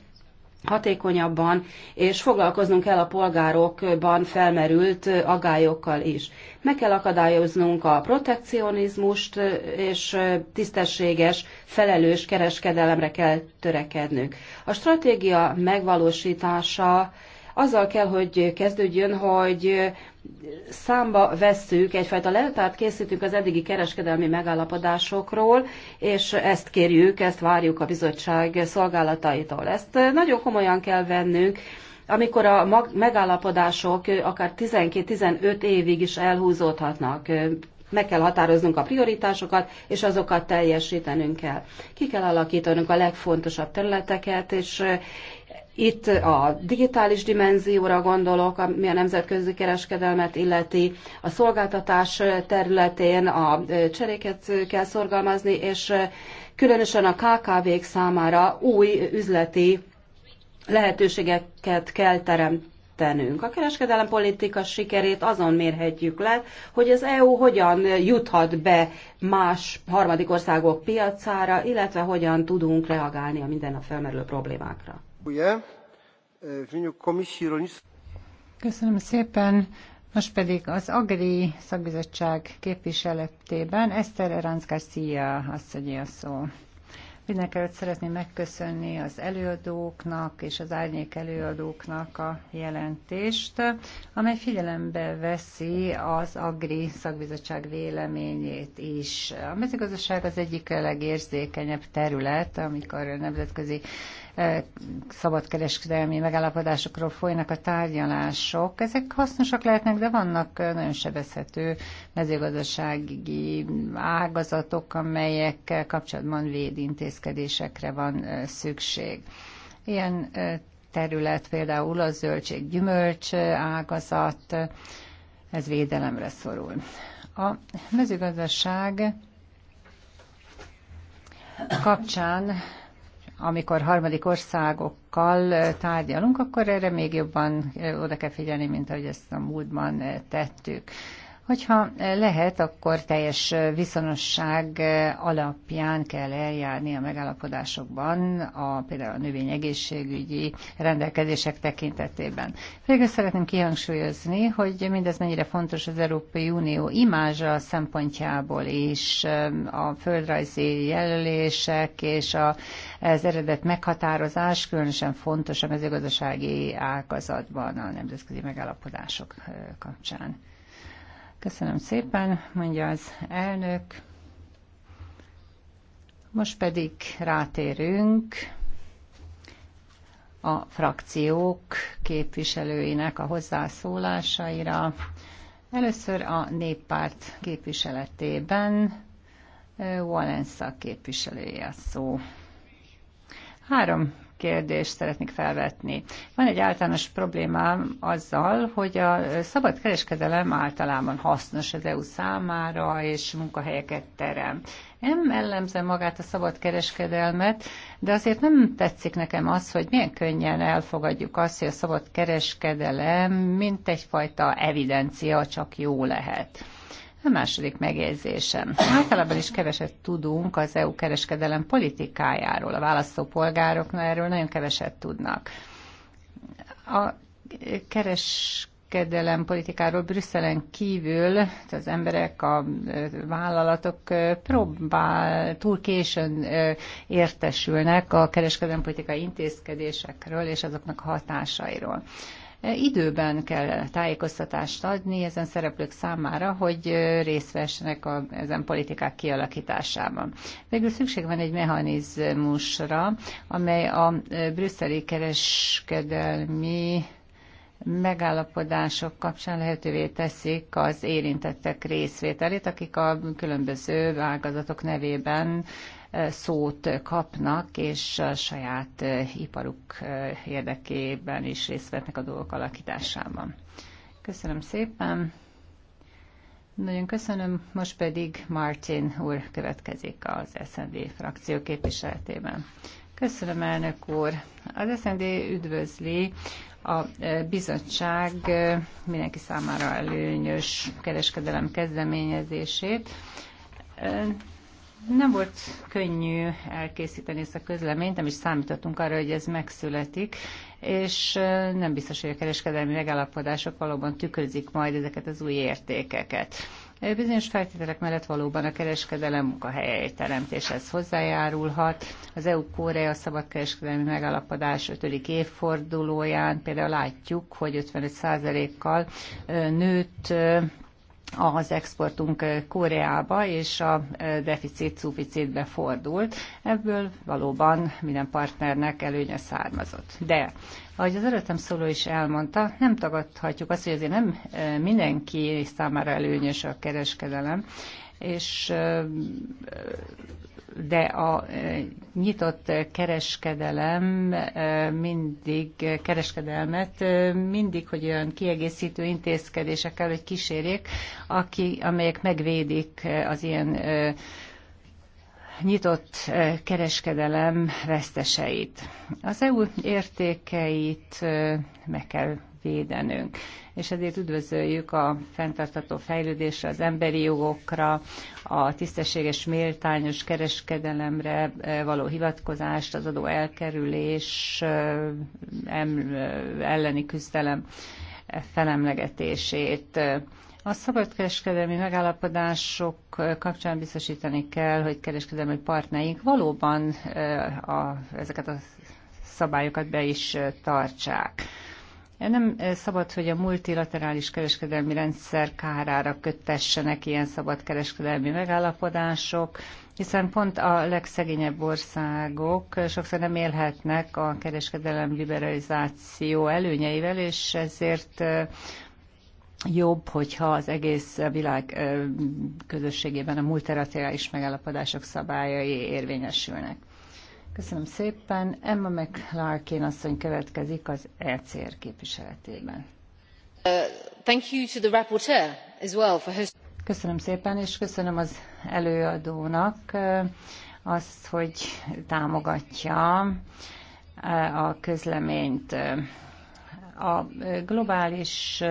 hatékonyabban, és foglalkoznunk kell a polgárokban felmerült agályokkal is. Meg kell akadályoznunk a protekcionizmust, és tisztességes, felelős kereskedelemre kell törekednünk. A stratégia megvalósítása azzal kell, hogy kezdődjön, hogy számba vesszük, egyfajta leltárt készítünk az eddigi kereskedelmi megállapodásokról, és ezt kérjük, ezt várjuk a bizottság szolgálataitól. Ezt nagyon komolyan kell vennünk, amikor a megállapodások akár 12-15 évig is elhúzódhatnak. Meg kell határoznunk a prioritásokat, és azokat teljesítenünk kell. Ki kell alakítanunk a legfontosabb területeket, és itt a digitális dimenzióra gondolok, ami a nemzetközi kereskedelmet illeti, a szolgáltatás területén a cseréket kell szorgalmazni, és különösen a KKV-k számára új üzleti lehetőségeket kell teremtenünk. A kereskedelem politika sikerét azon mérhetjük le, hogy az EU hogyan juthat be más harmadik országok piacára, illetve hogyan tudunk reagálni a minden a felmerülő problémákra. Köszönöm szépen. Most pedig az Agri Szakbizottság képviseletében Eszter Eranz Garcia asszonyi a szó. Mindenkelőtt szeretném megköszönni az előadóknak és az árnyék előadóknak a jelentést, amely figyelembe veszi az Agri szakbizottság véleményét is. A mezőgazdaság az egyik legérzékenyebb terület, amikor a nemzetközi szabadkereskedelmi megállapodásokról folynak a tárgyalások. Ezek hasznosak lehetnek, de vannak nagyon sebezhető mezőgazdasági ágazatok, amelyek kapcsolatban védintézkedésekre van szükség. Ilyen terület például a zöldség gyümölcs ágazat, ez védelemre szorul. A mezőgazdaság kapcsán amikor harmadik országokkal tárgyalunk, akkor erre még jobban oda kell figyelni, mint ahogy ezt a múltban tettük. Hogyha lehet, akkor teljes viszonosság alapján kell eljárni a megállapodásokban, a, például a egészségügyi rendelkezések tekintetében. Végül szeretném kihangsúlyozni, hogy mindez mennyire fontos az Európai Unió imázsa szempontjából is, a földrajzi jelölések és a, az eredet meghatározás különösen fontos a mezőgazdasági ágazatban a nemzetközi megállapodások kapcsán. Köszönöm szépen, mondja az elnök. Most pedig rátérünk a frakciók képviselőinek a hozzászólásaira. Először a néppárt képviseletében eh, Walensza képviselője a szó. Három kérdést szeretnék felvetni. Van egy általános problémám azzal, hogy a szabad kereskedelem általában hasznos az EU számára, és munkahelyeket terem. Nem ellenzem magát a szabad kereskedelmet, de azért nem tetszik nekem az, hogy milyen könnyen elfogadjuk azt, hogy a szabad kereskedelem mint egyfajta evidencia csak jó lehet. A második megjegyzésem. Általában is keveset tudunk az EU kereskedelem politikájáról. A választópolgárok erről nagyon keveset tudnak. A kereskedelem politikáról Brüsszelen kívül az emberek, a vállalatok próbál, túl későn értesülnek a kereskedelem politikai intézkedésekről és azoknak hatásairól. Időben kell tájékoztatást adni ezen szereplők számára, hogy részt vessenek a, ezen politikák kialakításában. Végül szükség van egy mechanizmusra, amely a brüsszeli kereskedelmi megállapodások kapcsán lehetővé teszik az érintettek részvételét, akik a különböző ágazatok nevében szót kapnak, és a saját eh, iparuk eh, érdekében is részt vetnek a dolgok alakításában. Köszönöm szépen! Nagyon köszönöm, most pedig Martin úr következik az SND frakció képviseletében. Köszönöm, elnök úr. Az SND üdvözli a eh, bizottság mindenki számára előnyös kereskedelem kezdeményezését. Nem volt könnyű elkészíteni ezt a közleményt, nem is számítottunk arra, hogy ez megszületik, és nem biztos, hogy a kereskedelmi megállapodások valóban tükrözik majd ezeket az új értékeket. Bizonyos feltételek mellett valóban a kereskedelem munkahelyei teremtéshez hozzájárulhat. Az EU-Korea szabadkereskedelmi megállapodás 5. évfordulóján például látjuk, hogy 55%-kal nőtt az exportunk Koreába, és a deficit szuficitbe fordult. Ebből valóban minden partnernek előnye származott. De ahogy az előttem szóló is elmondta, nem tagadhatjuk azt, hogy azért nem mindenki számára előnyös a kereskedelem, és de a nyitott kereskedelem mindig, kereskedelmet mindig, hogy olyan kiegészítő intézkedésekkel, hogy kísérjék, aki, amelyek megvédik az ilyen nyitott kereskedelem veszteseit. Az EU értékeit meg kell védenünk. És ezért üdvözöljük a fenntartató fejlődésre, az emberi jogokra, a tisztességes méltányos kereskedelemre eh, való hivatkozást, az adó elkerülés eh, eh, elleni küzdelem felemlegetését. A szabadkereskedelmi megállapodások kapcsán biztosítani kell, hogy kereskedelmi partnereink valóban a, ezeket a szabályokat be is tartsák. Nem szabad, hogy a multilaterális kereskedelmi rendszer kárára köttessenek ilyen szabad kereskedelmi megállapodások, hiszen pont a legszegényebb országok sokszor nem élhetnek a kereskedelem liberalizáció előnyeivel, és ezért jobb, hogyha az egész világ közösségében a multilaterális megállapodások szabályai érvényesülnek. Köszönöm szépen. Emma McLarkin asszony következik az ECR képviseletében. Uh, thank you to the rapporteur as well for her... Köszönöm szépen, és köszönöm az előadónak uh, azt, hogy támogatja uh, a közleményt uh, a globális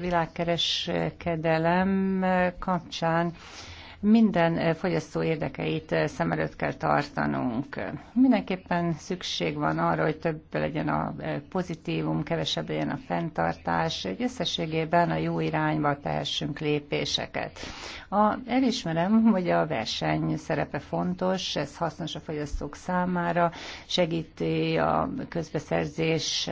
világkereskedelem kapcsán minden eh, fogyasztó érdekeit eh, szem előtt kell tartanunk. Mindenképpen szükség van arra, hogy több legyen a eh, pozitívum, kevesebb legyen a fenntartás, hogy összességében a jó irányba tehessünk lépéseket. A, elismerem, hogy a verseny szerepe fontos, ez hasznos a fogyasztók számára, segíti a közbeszerzés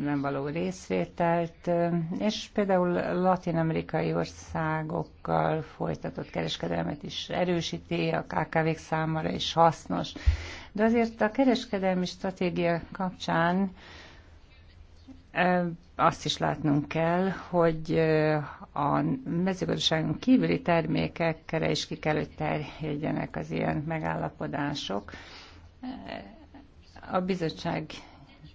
nem való részvételt, és például latin-amerikai országok árukkal folytatott kereskedelmet is erősíti, a KKV-k számára is hasznos. De azért a kereskedelmi stratégia kapcsán azt is látnunk kell, hogy a mezőgazdaságon kívüli termékekre is ki kell, hogy terjedjenek az ilyen megállapodások. A bizottság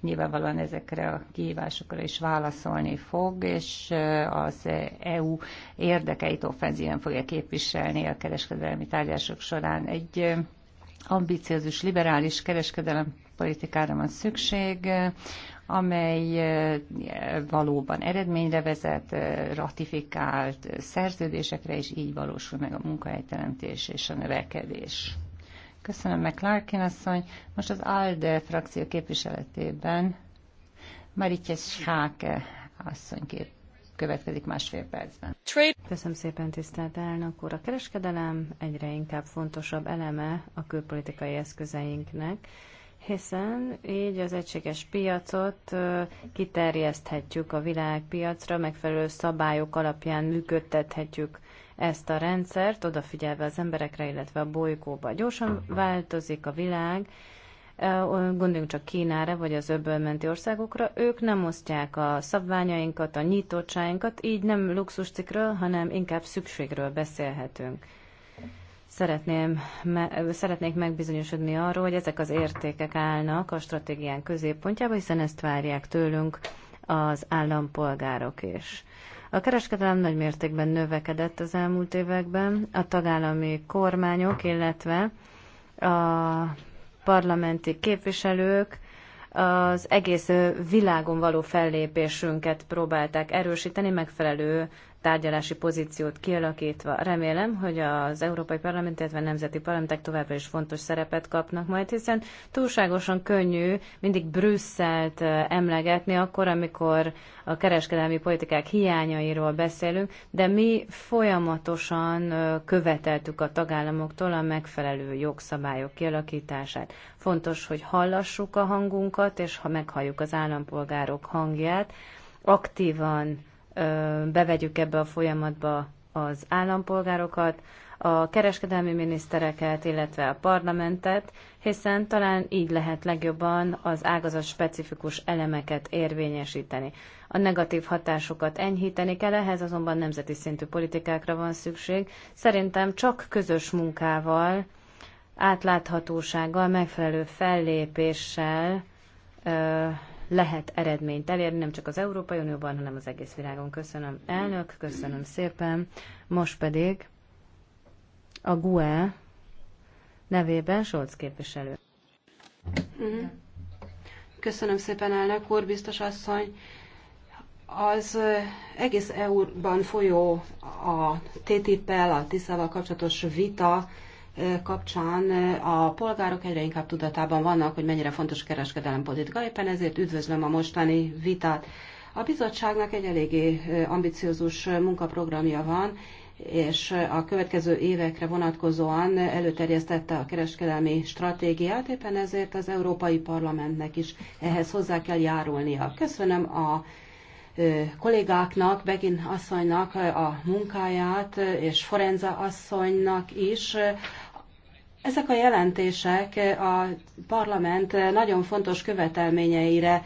nyilvánvalóan ezekre a kihívásokra is válaszolni fog, és az EU érdekeit offenzíven fogja képviselni a kereskedelmi tárgyások során. Egy ambiciózus liberális kereskedelem politikára van szükség, amely valóban eredményre vezet, ratifikált szerződésekre, és így valósul meg a munkahelyteremtés és a növekedés. Köszönöm meg Larkin asszony. Most az ALDE frakció képviseletében Maritje Schake asszony kép következik másfél percben. Köszönöm szépen, tisztelt elnök úr. A kereskedelem egyre inkább fontosabb eleme a külpolitikai eszközeinknek, hiszen így az egységes piacot kiterjeszthetjük a világpiacra, megfelelő szabályok alapján működtethetjük ezt a rendszert, odafigyelve az emberekre, illetve a bolygóba. Gyorsan változik a világ, gondoljunk csak Kínára, vagy az öbölmenti országokra, ők nem osztják a szabványainkat, a nyitottságunkat, így nem luxuscikről, hanem inkább szükségről beszélhetünk. Szeretném, me, szeretnék megbizonyosodni arról, hogy ezek az értékek állnak a stratégián középpontjába, hiszen ezt várják tőlünk az állampolgárok is. A kereskedelem nagy mértékben növekedett az elmúlt években. A tagállami kormányok, illetve a parlamenti képviselők az egész világon való fellépésünket próbálták erősíteni megfelelő tárgyalási pozíciót kialakítva. Remélem, hogy az Európai Parlament, illetve a Nemzeti Parlamentek továbbra is fontos szerepet kapnak majd, hiszen túlságosan könnyű mindig Brüsszelt emlegetni akkor, amikor a kereskedelmi politikák hiányairól beszélünk, de mi folyamatosan követeltük a tagállamoktól a megfelelő jogszabályok kialakítását. Fontos, hogy hallassuk a hangunkat, és ha meghalljuk az állampolgárok hangját, aktívan bevegyük ebbe a folyamatba az állampolgárokat, a kereskedelmi minisztereket, illetve a parlamentet, hiszen talán így lehet legjobban az ágazat specifikus elemeket érvényesíteni. A negatív hatásokat enyhíteni kell, ehhez azonban nemzeti szintű politikákra van szükség. Szerintem csak közös munkával, átláthatósággal, megfelelő fellépéssel lehet eredményt elérni, nem csak az Európai Unióban, hanem az egész világon. Köszönöm, elnök, köszönöm szépen. Most pedig a GUE nevében Solc képviselő. Mhm. Köszönöm szépen, elnök úr, biztos asszony. Az egész EU-ban folyó a TTIP-el, a tisz el kapcsolatos vita kapcsán a polgárok egyre inkább tudatában vannak, hogy mennyire fontos a kereskedelem politika. Éppen ezért üdvözlöm a mostani vitát. A bizottságnak egy eléggé ambiciózus munkaprogramja van, és a következő évekre vonatkozóan előterjesztette a kereskedelmi stratégiát, éppen ezért az Európai Parlamentnek is ehhez hozzá kell járulnia. Köszönöm a kollégáknak, Begin asszonynak a munkáját, és Forenza asszonynak is ezek a jelentések a parlament nagyon fontos követelményeire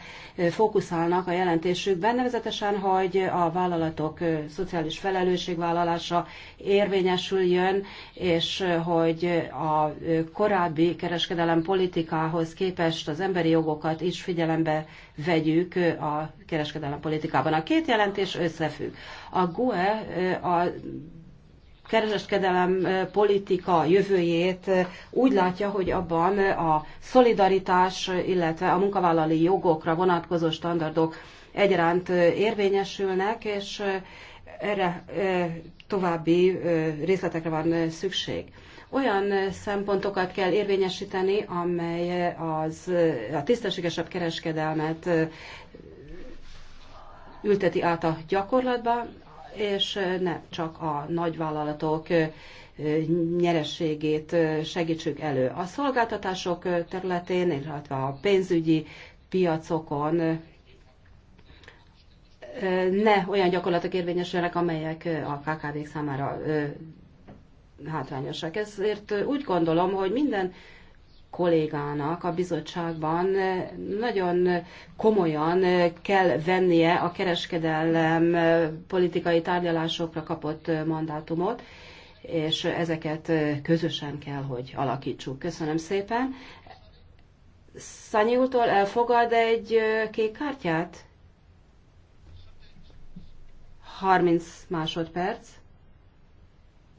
fókuszálnak a jelentésükben, nevezetesen, hogy a vállalatok szociális felelősségvállalása érvényesüljön, és hogy a korábbi kereskedelem politikához képest az emberi jogokat is figyelembe vegyük a kereskedelem politikában. A két jelentés összefügg. A GUE a kereskedelem politika jövőjét úgy látja, hogy abban a szolidaritás, illetve a munkavállalói jogokra vonatkozó standardok egyaránt érvényesülnek, és erre további részletekre van szükség. Olyan szempontokat kell érvényesíteni, amely az, a tisztességesebb kereskedelmet ülteti át a gyakorlatba, és ne csak a nagyvállalatok nyerességét segítsük elő. A szolgáltatások területén, illetve a pénzügyi piacokon ne olyan gyakorlatok érvényesülnek, amelyek a KKV-k számára hátrányosak. Ezért úgy gondolom, hogy minden kollégának a bizottságban nagyon komolyan kell vennie a kereskedelem politikai tárgyalásokra kapott mandátumot, és ezeket közösen kell, hogy alakítsuk. Köszönöm szépen. Szanyi úrtól elfogad egy kék kártyát? 30 másodperc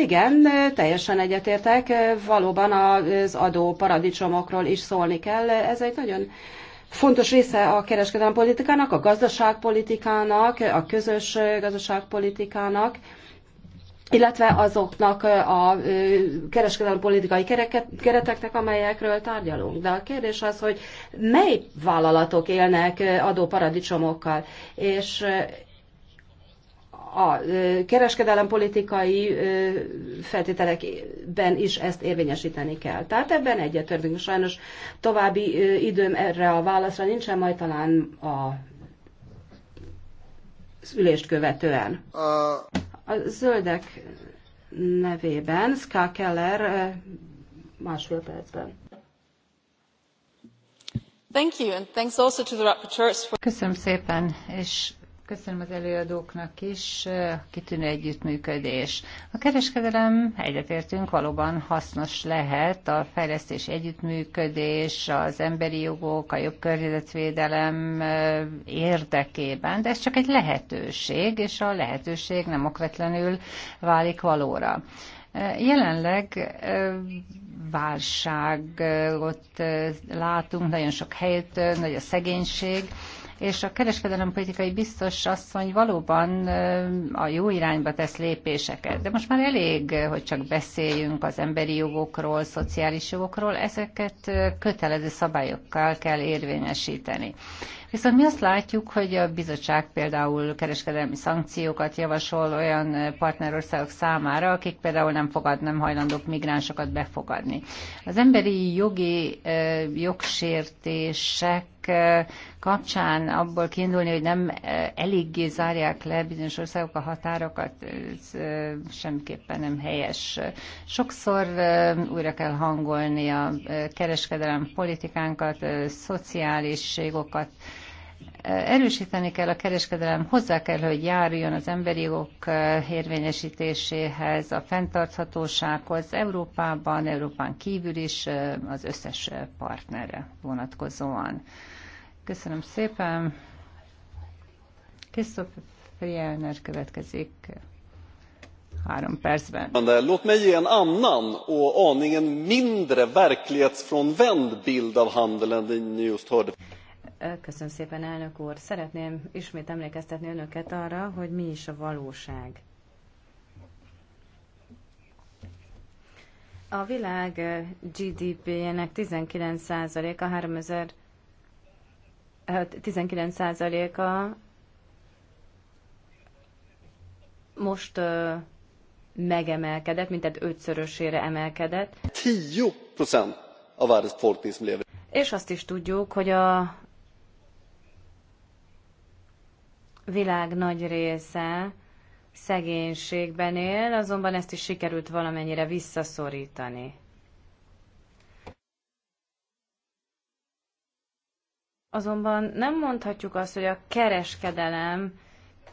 igen, teljesen egyetértek, valóban az adó paradicsomokról is szólni kell. Ez egy nagyon fontos része a kereskedelmi politikának, a gazdaságpolitikának, a közös gazdaságpolitikának, illetve azoknak a kereskedelmi politikai kereteknek, amelyekről tárgyalunk. De a kérdés az, hogy mely vállalatok élnek adóparadicsomokkal, és a kereskedelempolitikai feltételekben is ezt érvényesíteni kell. Tehát ebben egyetértünk. Sajnos további időm erre a válaszra nincsen, majd talán a ülést követően. A zöldek nevében Ska Keller másfél percben. Thank you, and thanks also to the rapporteurs for... Köszönöm szépen, és Köszönöm az előadóknak is a eh, kitűnő együttműködés. A kereskedelem, egyetértünk, valóban hasznos lehet a fejlesztés együttműködés, az emberi jogok, a jobb környezetvédelem eh, érdekében, de ez csak egy lehetőség, és a lehetőség nem okvetlenül válik valóra. Eh, jelenleg válságot látunk, nagyon sok helyt nagy a szegénység, és a kereskedelem politikai biztos asszony valóban a jó irányba tesz lépéseket. De most már elég, hogy csak beszéljünk az emberi jogokról, szociális jogokról, ezeket kötelező szabályokkal kell érvényesíteni. Viszont mi azt látjuk, hogy a bizottság például kereskedelmi szankciókat javasol olyan partnerországok számára, akik például nem fogad, nem hajlandók migránsokat befogadni. Az emberi jogi jogsértések Eh, kapcsán abból kiindulni, hogy nem eh, eléggé zárják le bizonyos országok a határokat, ez eh, semmiképpen nem helyes. Sokszor újra kell hangolni a kereskedelem politikánkat, szociális jogokat, erősíteni kell a kereskedelem, hozzá kell, hogy járjon az emberi jogok érvényesítéséhez, a fenntarthatósághoz, Európában, Európán kívül is az összes partnerre vonatkozóan. Köszönöm szépen. Krisztof Frielner következik három percben. Låt mig ge en annan och aningen mindre verklighetsfrånvänd bild av handeln än den ni just hörde. Köszönöm szépen, elnök úr. Szeretném ismét emlékeztetni önöket arra, hogy mi is a valóság. A világ GDP-jének 19%-a 3000 19%-a hát most megemelkedett, mintegy ötszörösére emelkedett. 10% a városzt fortészmléve. És azt is tudjuk, hogy a világ nagy része szegénységben él, azonban ezt is sikerült valamennyire visszaszorítani. Azonban nem mondhatjuk azt, hogy a kereskedelem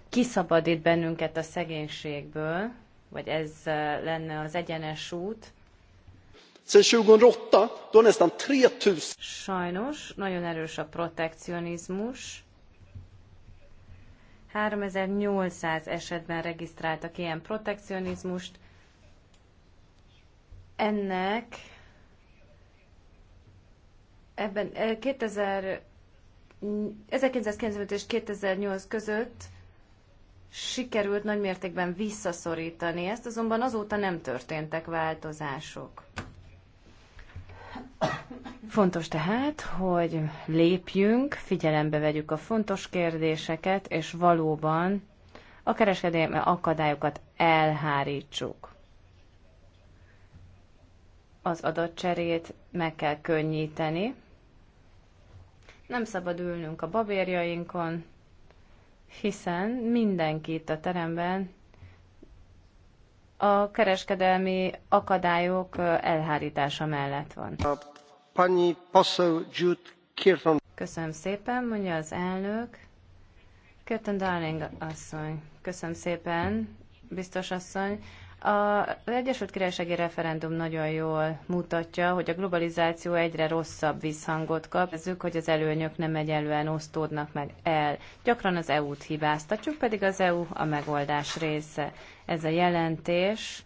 kiszabadít bennünket a szegénységből, vagy ez eh, lenne az egyenes út. Sajnos, nagyon erős a protekcionizmus. 3800 esetben regisztráltak ilyen protekcionizmust. Ennek ebben 2000 eh, 1995 és 2008 között sikerült nagymértékben visszaszorítani ezt, azonban azóta nem történtek változások. Fontos tehát, hogy lépjünk, figyelembe vegyük a fontos kérdéseket, és valóban a kereskedelmi akadályokat elhárítsuk. Az adatcserét meg kell könnyíteni, nem szabad ülnünk a babérjainkon, hiszen mindenki itt a teremben a kereskedelmi akadályok elhárítása mellett van. Köszönöm szépen, mondja az elnök. Darling asszony. Köszönöm szépen, biztos asszony. A Egyesült Királysági referendum nagyon jól mutatja, hogy a globalizáció egyre rosszabb visszhangot kap, ezük, hogy az előnyök nem egyenlően osztódnak meg el. Gyakran az EU-t hibáztatjuk, pedig az EU a megoldás része. Ez a jelentés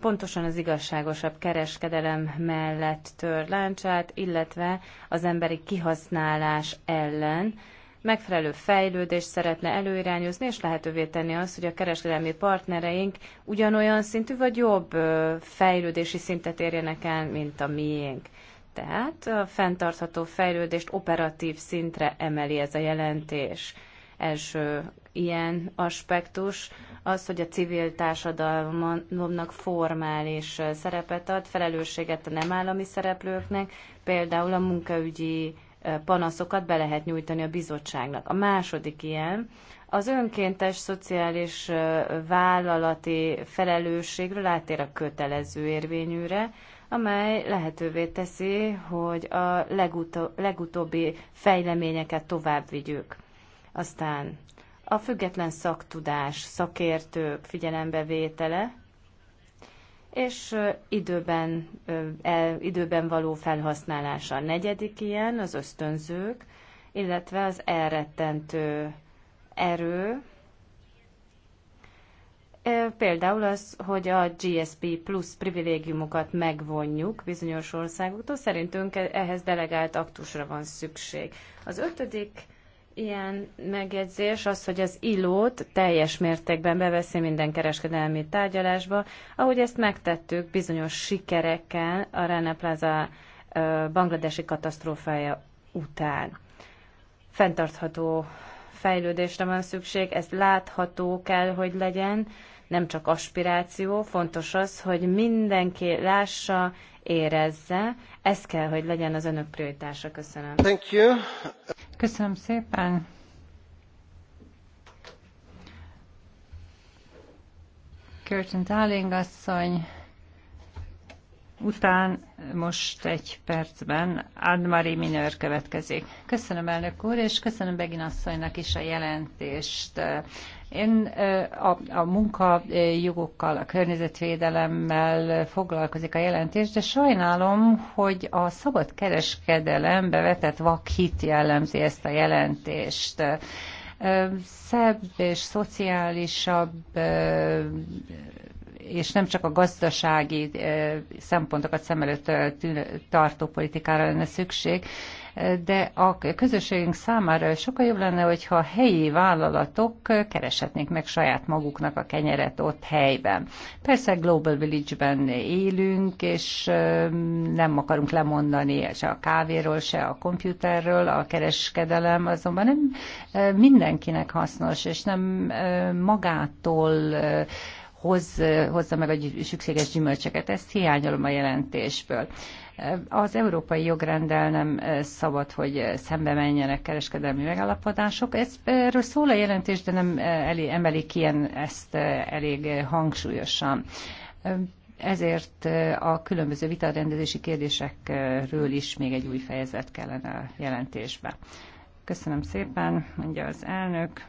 pontosan az igazságosabb kereskedelem mellett tör láncsát, illetve az emberi kihasználás ellen, megfelelő fejlődést szeretne előirányozni, és lehetővé tenni azt, hogy a kereskedelmi partnereink ugyanolyan szintű vagy jobb fejlődési szintet érjenek el, mint a miénk. Tehát a fenntartható fejlődést operatív szintre emeli ez a jelentés. Első ilyen aspektus az, hogy a civil társadalomnak formális szerepet ad, felelősséget a nem állami szereplőknek, például a munkaügyi panaszokat be lehet nyújtani a bizottságnak. A második ilyen az önkéntes szociális vállalati felelősségről átér a kötelező érvényűre, amely lehetővé teszi, hogy a legutó, legutóbbi fejleményeket tovább vigyük. Aztán a független szaktudás, szakértők figyelembevétele, és időben, el, időben való felhasználása. A negyedik ilyen az ösztönzők, illetve az elrettentő erő, Például az, hogy a GSP plusz privilégiumokat megvonjuk bizonyos országoktól, szerintünk ehhez delegált aktusra van szükség. Az ötödik ilyen megjegyzés az, hogy az ilót teljes mértékben beveszi minden kereskedelmi tárgyalásba, ahogy ezt megtettük bizonyos sikerekkel a Rana Plaza bangladesi katasztrófája után. Fentartható fejlődésre van szükség, ez látható kell, hogy legyen, nem csak aspiráció, fontos az, hogy mindenki lássa, érezze, ez kell, hogy legyen az önök prioritása. Köszönöm. Thank you. Köszönöm szépen. Curtin Darling asszony, után most egy percben Admari Minőr következik. Köszönöm elnök úr, és köszönöm Begin asszonynak is a jelentést. Én a, a munkajogokkal, a környezetvédelemmel foglalkozik a jelentés, de sajnálom, hogy a szabad kereskedelembe vetett vakhit jellemzi ezt a jelentést szebb és szociálisabb és nem csak a gazdasági szempontokat szem előtt tartó politikára lenne szükség, de a közösségünk számára sokkal jobb lenne, hogyha helyi vállalatok kereshetnék meg saját maguknak a kenyeret ott helyben. Persze Global Village-ben élünk, és nem akarunk lemondani se a kávéról, se a komputerről, a kereskedelem azonban nem mindenkinek hasznos, és nem magától hoz, hozza meg a szükséges gyümölcseket. Ezt hiányolom a jelentésből. Az európai jogrendel nem szabad, hogy szembe menjenek kereskedelmi megállapodások. Ez, erről szól a jelentés, de nem elég, emelik ilyen ezt elég hangsúlyosan. Ezért a különböző vitarendezési kérdésekről is még egy új fejezet kellene a jelentésbe. Köszönöm szépen, mondja az elnök.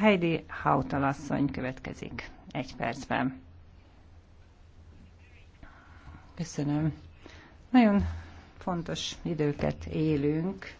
Heidi Hautalasszony következik egy percben. Köszönöm. Nagyon fontos időket élünk.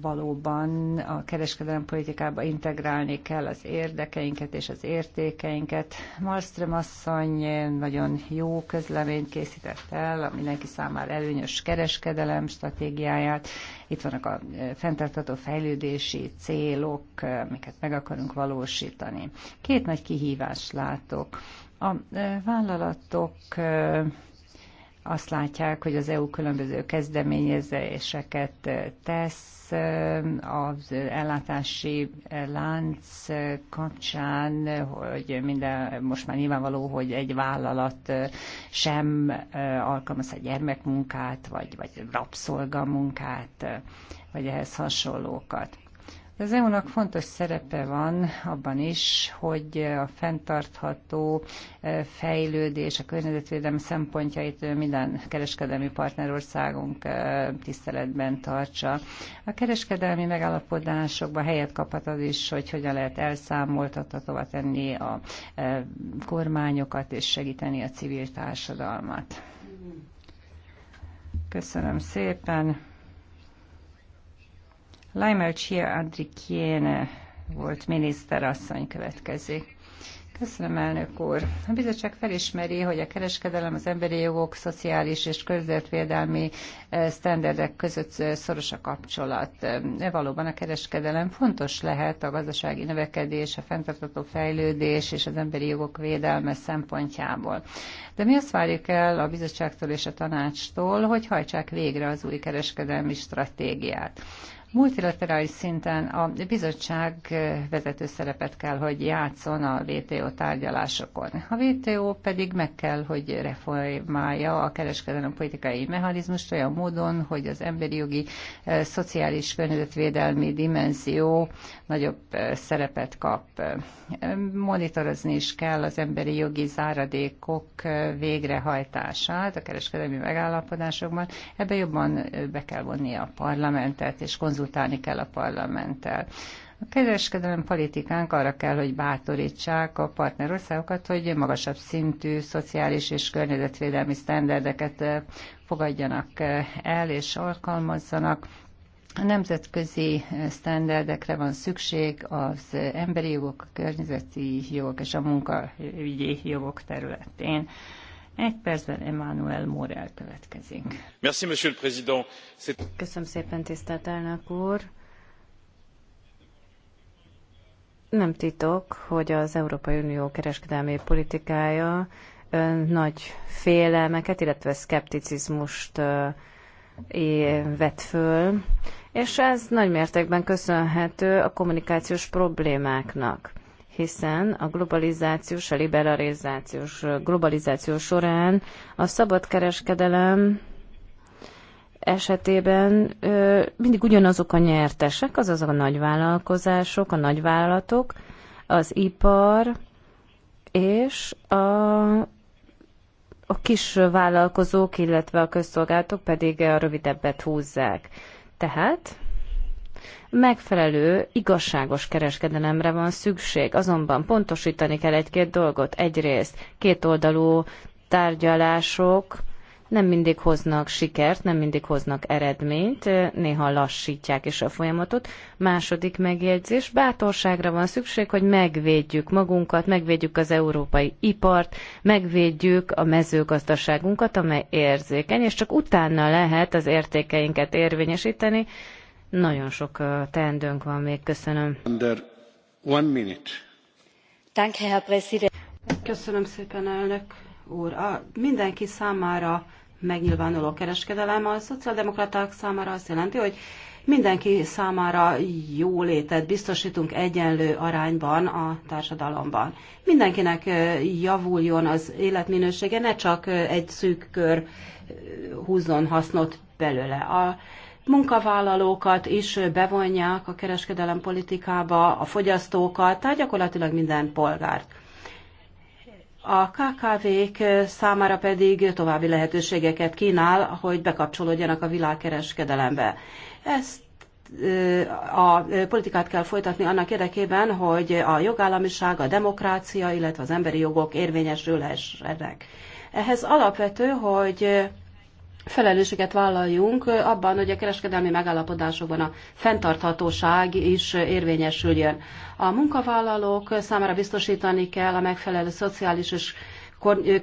Valóban a kereskedelem politikába integrálni kell az érdekeinket és az értékeinket. Malmström asszony nagyon jó közleményt készített el, a mindenki számára előnyös kereskedelem stratégiáját. Itt vannak a fenntartható fejlődési célok, amiket meg akarunk valósítani. Két nagy kihívást látok. A e, vállalatok e, azt látják, hogy az EU különböző kezdeményezéseket e, tesz az ellátási lánc kapcsán, hogy minden, most már nyilvánvaló, hogy egy vállalat sem alkalmaz egy gyermekmunkát, vagy, vagy rabszolgamunkát, vagy ehhez hasonlókat. Az EU-nak fontos szerepe van abban is, hogy a fenntartható e, fejlődés, a környezetvédelem szempontjait minden kereskedelmi partnerországunk e, tiszteletben tartsa. A kereskedelmi megállapodásokban helyet kaphat az is, hogy hogyan lehet elszámoltathatóvá tenni a e, kormányokat és segíteni a civil társadalmat. Köszönöm szépen! Lajmelcsia Andrikiene volt miniszterasszony következik. Köszönöm, elnök úr. A bizottság felismeri, hogy a kereskedelem az emberi jogok, szociális és környezetvédelmi eh, sztenderdek között eh, szoros a kapcsolat. e valóban a kereskedelem fontos lehet a gazdasági növekedés, a fenntartható fejlődés és az emberi jogok védelme szempontjából. De mi azt várjuk el a bizottságtól és a tanácstól, hogy hajtsák végre az új kereskedelmi stratégiát. Multilaterális szinten a bizottság vezető szerepet kell, hogy játszon a WTO tárgyalásokon. A WTO pedig meg kell, hogy reformálja a kereskedelem politikai mechanizmust olyan módon, hogy az emberi jogi, eh, szociális környezetvédelmi dimenzió nagyobb eh, szerepet kap. Eh, monitorozni is kell az emberi jogi záradékok végrehajtását a kereskedelmi megállapodásokban. Ebbe jobban be kell vonni a parlamentet és konzultációt konzultálni kell a parlamenttel. A kereskedelem politikánk arra kell, hogy bátorítsák a partnerországokat, hogy magasabb szintű szociális és környezetvédelmi sztenderdeket eh, fogadjanak eh, el és alkalmazzanak. A nemzetközi eh, sztenderdekre van szükség az emberi jogok, a környezeti jogok és a munkaügyi jogok területén. Egy percben Emmanuel Morel következik. Merci, monsieur le président. Köszönöm szépen, tisztelt elnök úr. Nem titok, hogy az Európai Unió kereskedelmi politikája nagy félelmeket, illetve szkepticizmust vett föl, és ez nagy mértékben köszönhető a kommunikációs problémáknak hiszen a globalizációs, a liberalizációs globalizáció során a szabadkereskedelem esetében ö, mindig ugyanazok a nyertesek, azaz a nagyvállalkozások, a nagyvállalatok, az ipar és a, a kis vállalkozók, illetve a közszolgálatok pedig a rövidebbet húzzák. Tehát Megfelelő, igazságos kereskedelemre van szükség, azonban pontosítani kell egy-két dolgot. Egyrészt kétoldalú tárgyalások nem mindig hoznak sikert, nem mindig hoznak eredményt, néha lassítják is a folyamatot. Második megjegyzés, bátorságra van szükség, hogy megvédjük magunkat, megvédjük az európai ipart, megvédjük a mezőgazdaságunkat, amely érzékeny, és csak utána lehet az értékeinket érvényesíteni, nagyon sok teendőnk van még, köszönöm. Under one minute. Herr Köszönöm szépen, elnök úr. A mindenki számára megnyilvánuló kereskedelem a szociáldemokraták számára azt jelenti, hogy mindenki számára jólétet biztosítunk egyenlő arányban a társadalomban. Mindenkinek javuljon az életminősége, ne csak egy szűk kör húzzon hasznot belőle. A munkavállalókat is bevonják a kereskedelem politikába, a fogyasztókat, tehát gyakorlatilag minden polgárt. A KKV-k számára pedig további lehetőségeket kínál, hogy bekapcsolódjanak a világkereskedelembe. Ezt a politikát kell folytatni annak érdekében, hogy a jogállamiság, a demokrácia, illetve az emberi jogok érvényesülhessenek. Ehhez alapvető, hogy felelősséget vállaljunk abban, hogy a kereskedelmi megállapodásokban a fenntarthatóság is érvényesüljön. A munkavállalók számára biztosítani kell a megfelelő szociális és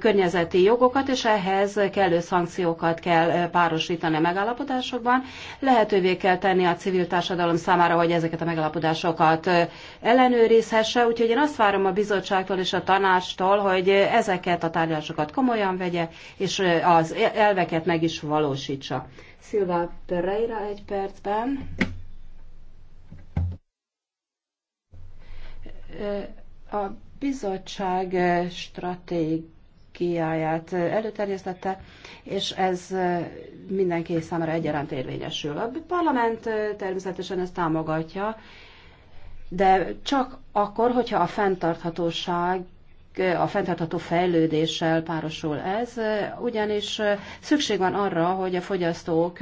környezeti jogokat, és ehhez kellő szankciókat kell eh, párosítani a megállapodásokban. Lehetővé kell tenni a civil társadalom számára, hogy ezeket a megállapodásokat eh, ellenőrizhesse, úgyhogy én azt várom a bizottságtól és a tanástól, hogy eh, ezeket a tárgyalásokat komolyan vegye, és az e- elveket meg is valósítsa. Szilvá Pereira egy percben. A bizottság eh, stratégiáját eh, előterjesztette, és ez eh, mindenki számára egyaránt érvényesül. A parlament természetesen ezt támogatja, de csak akkor, hogyha a fenntarthatóság a fenntartható fejlődéssel párosul ez, ugyanis szükség van arra, hogy a fogyasztók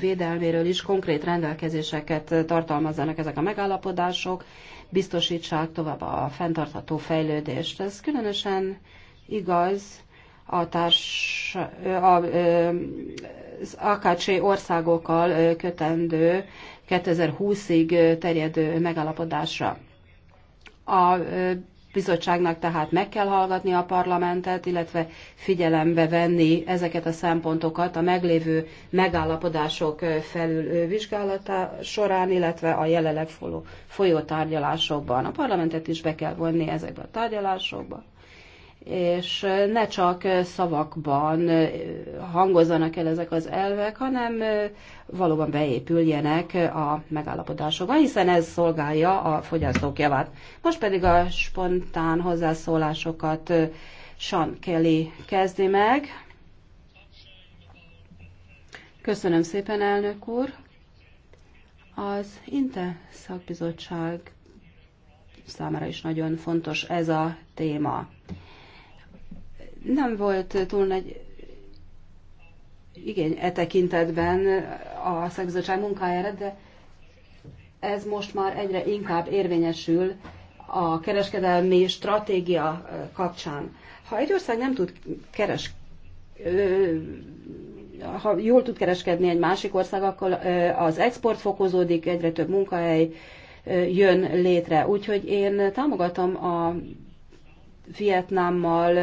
védelméről is konkrét rendelkezéseket tartalmazzanak ezek a megállapodások, biztosítsák tovább a fenntartható fejlődést. Ez különösen igaz a társ, a, az AKC országokkal kötendő 2020-ig terjedő megállapodásra. A bizottságnak tehát meg kell hallgatni a parlamentet, illetve figyelembe venni ezeket a szempontokat a meglévő megállapodások felülvizsgálata során, illetve a jelenleg folyó tárgyalásokban. A parlamentet is be kell vonni ezekbe a tárgyalásokba és ne csak szavakban hangozzanak el ezek az elvek, hanem valóban beépüljenek a megállapodásokban, hiszen ez szolgálja a fogyasztók javát. Most pedig a spontán hozzászólásokat Sean Kelly kezdi meg. Köszönöm szépen, elnök úr! Az INTE szakbizottság számára is nagyon fontos ez a téma nem volt túl nagy igény e tekintetben a szakbizottság munkájára, de ez most már egyre inkább érvényesül a kereskedelmi stratégia kapcsán. Ha egy ország nem tud keres, ha jól tud kereskedni egy másik ország, akkor az export fokozódik, egyre több munkahely jön létre. Úgyhogy én támogatom a Vietnámmal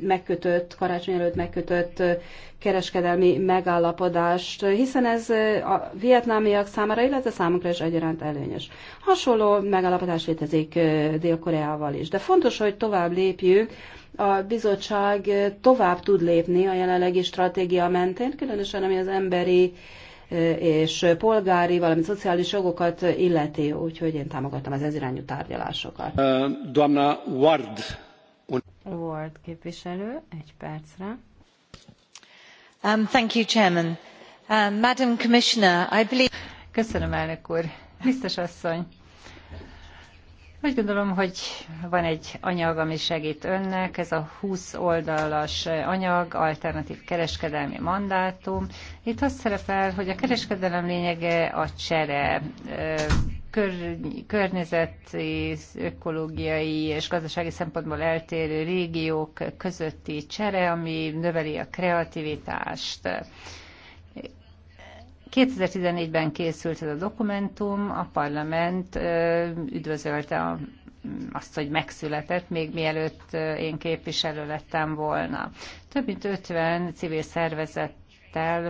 megkötött, karácsony előtt megkötött kereskedelmi megállapodást, hiszen ez a vietnámiak számára, illetve számunkra is egyaránt előnyös. Hasonló megállapodás létezik Dél-Koreával is, de fontos, hogy tovább lépjünk, a bizottság tovább tud lépni a jelenlegi stratégia mentén, különösen ami az emberi és polgári, valamint szociális jogokat illeti, úgyhogy én támogatom az ez irányú tárgyalásokat. Doamna Ward képviselő, egy percre. Um, thank you, Chairman. Um, Madam Commissioner, I believe... Köszönöm, elnök úr. Biztos asszony, úgy gondolom, hogy van egy anyag, ami segít önnek, ez a 20 oldalas anyag, alternatív kereskedelmi mandátum. Itt azt szerepel, hogy a kereskedelem lényege a csere körny- környezeti, ökológiai és gazdasági szempontból eltérő régiók közötti csere, ami növeli a kreativitást. 2014-ben készült ez a dokumentum, a parlament üdvözölte azt, hogy megszületett, még mielőtt én képviselő lettem volna. Több mint 50 civil szervezet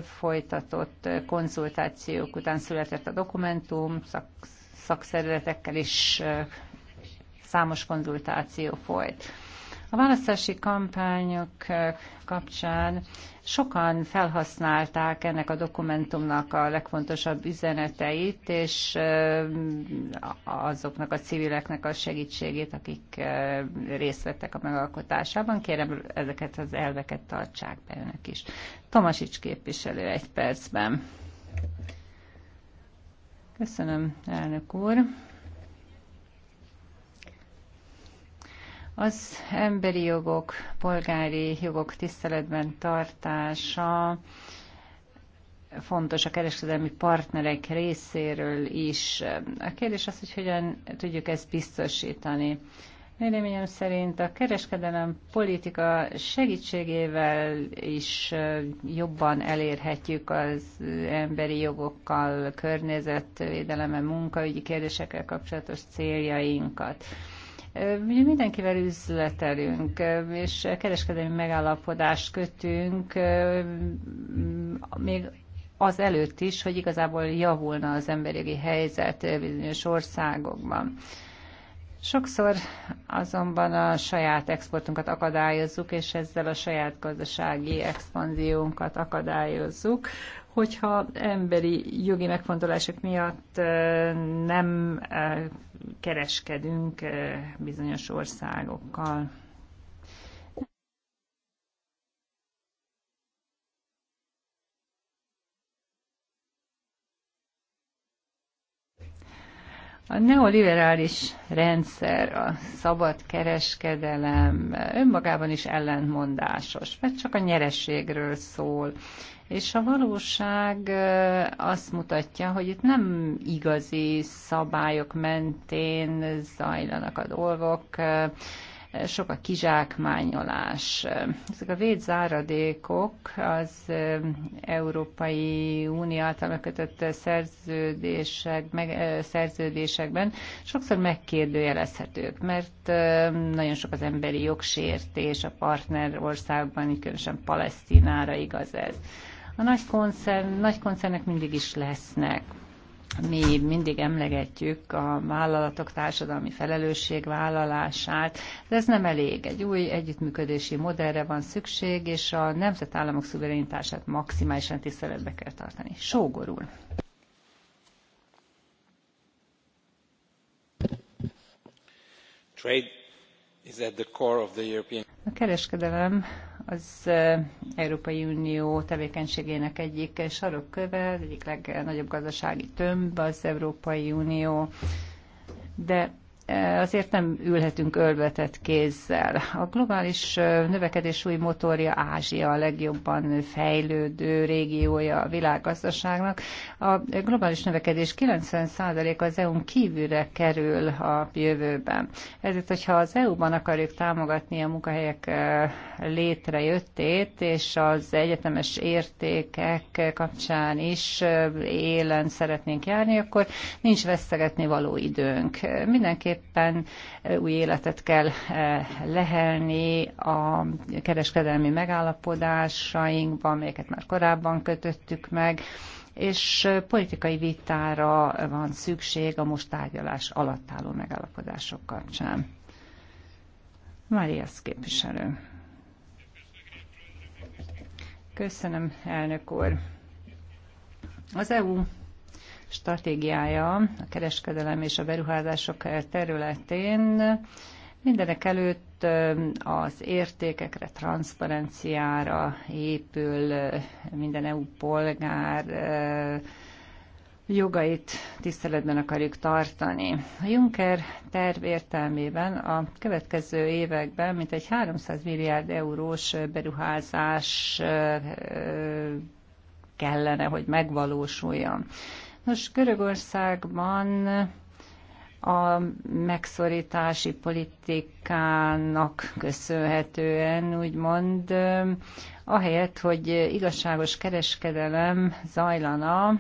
folytatott konzultációk után született a dokumentum, szak, szakszervezetekkel is számos konzultáció folyt. A választási kampányok kapcsán sokan felhasználták ennek a dokumentumnak a legfontosabb üzeneteit, és azoknak a civileknek a segítségét, akik részt vettek a megalkotásában. Kérem, ezeket az elveket tartsák be önök is. Tomasics képviselő egy percben. Köszönöm, elnök úr. Az emberi jogok, polgári jogok tiszteletben tartása fontos a kereskedelmi partnerek részéről is. A kérdés az, hogy hogyan tudjuk ezt biztosítani. Véleményem szerint a kereskedelem politika segítségével is jobban elérhetjük az emberi jogokkal, környezetvédelemmel, munkaügyi kérdésekkel kapcsolatos céljainkat. Ugye mindenkivel üzletelünk, és kereskedelmi megállapodást kötünk, még az előtt is, hogy igazából javulna az emberi helyzet bizonyos országokban. Sokszor azonban a saját exportunkat akadályozzuk, és ezzel a saját gazdasági expanziónkat akadályozzuk. Hogyha emberi jogi megfontolások miatt nem kereskedünk bizonyos országokkal. A neoliberális rendszer, a szabad kereskedelem önmagában is ellentmondásos, mert csak a nyereségről szól. És a valóság azt mutatja, hogy itt nem igazi szabályok mentén zajlanak a dolgok, sok a kizsákmányolás. Ezek a védzáradékok az Európai Unió által megkötött szerződések, meg, szerződésekben sokszor megkérdőjelezhetők, mert nagyon sok az emberi jogsértés a partner országban, különösen Palesztinára igaz ez. A nagy, koncern, nagy koncernek mindig is lesznek mi mindig emlegetjük a vállalatok társadalmi vállalását, de ez nem elég. Egy új együttműködési modellre van szükség, és a nemzetállamok szuverenitását maximálisan tiszteletbe kell tartani. Sógorul. Trade is at the core of the European a kereskedelem az Európai Unió tevékenységének egyik sarokköve, egyik legnagyobb gazdasági tömb az Európai Unió, de azért nem ülhetünk ölvetett kézzel. A globális növekedés új motorja Ázsia a legjobban fejlődő régiója a világgazdaságnak. A globális növekedés 90% az EU-n kívülre kerül a jövőben. Ezért, hogyha az EU-ban akarjuk támogatni a munkahelyek létrejöttét, és az egyetemes értékek kapcsán is élen szeretnénk járni, akkor nincs vesztegetni való időnk. Mindenképp mindenképpen új életet kell lehelni a kereskedelmi megállapodásainkban, amelyeket már korábban kötöttük meg, és politikai vitára van szükség a most tárgyalás alatt álló megállapodások kapcsán. Marias képviselő. Köszönöm, elnök úr. Az EU stratégiája a kereskedelem és a beruházások területén mindenek előtt az értékekre, transzparenciára épül minden EU polgár jogait tiszteletben akarjuk tartani. A Juncker terv értelmében a következő években mintegy 300 milliárd eurós beruházás kellene, hogy megvalósuljon. Nos, Görögországban a megszorítási politikának köszönhetően, úgymond, eh, ahelyett, hogy igazságos kereskedelem zajlana,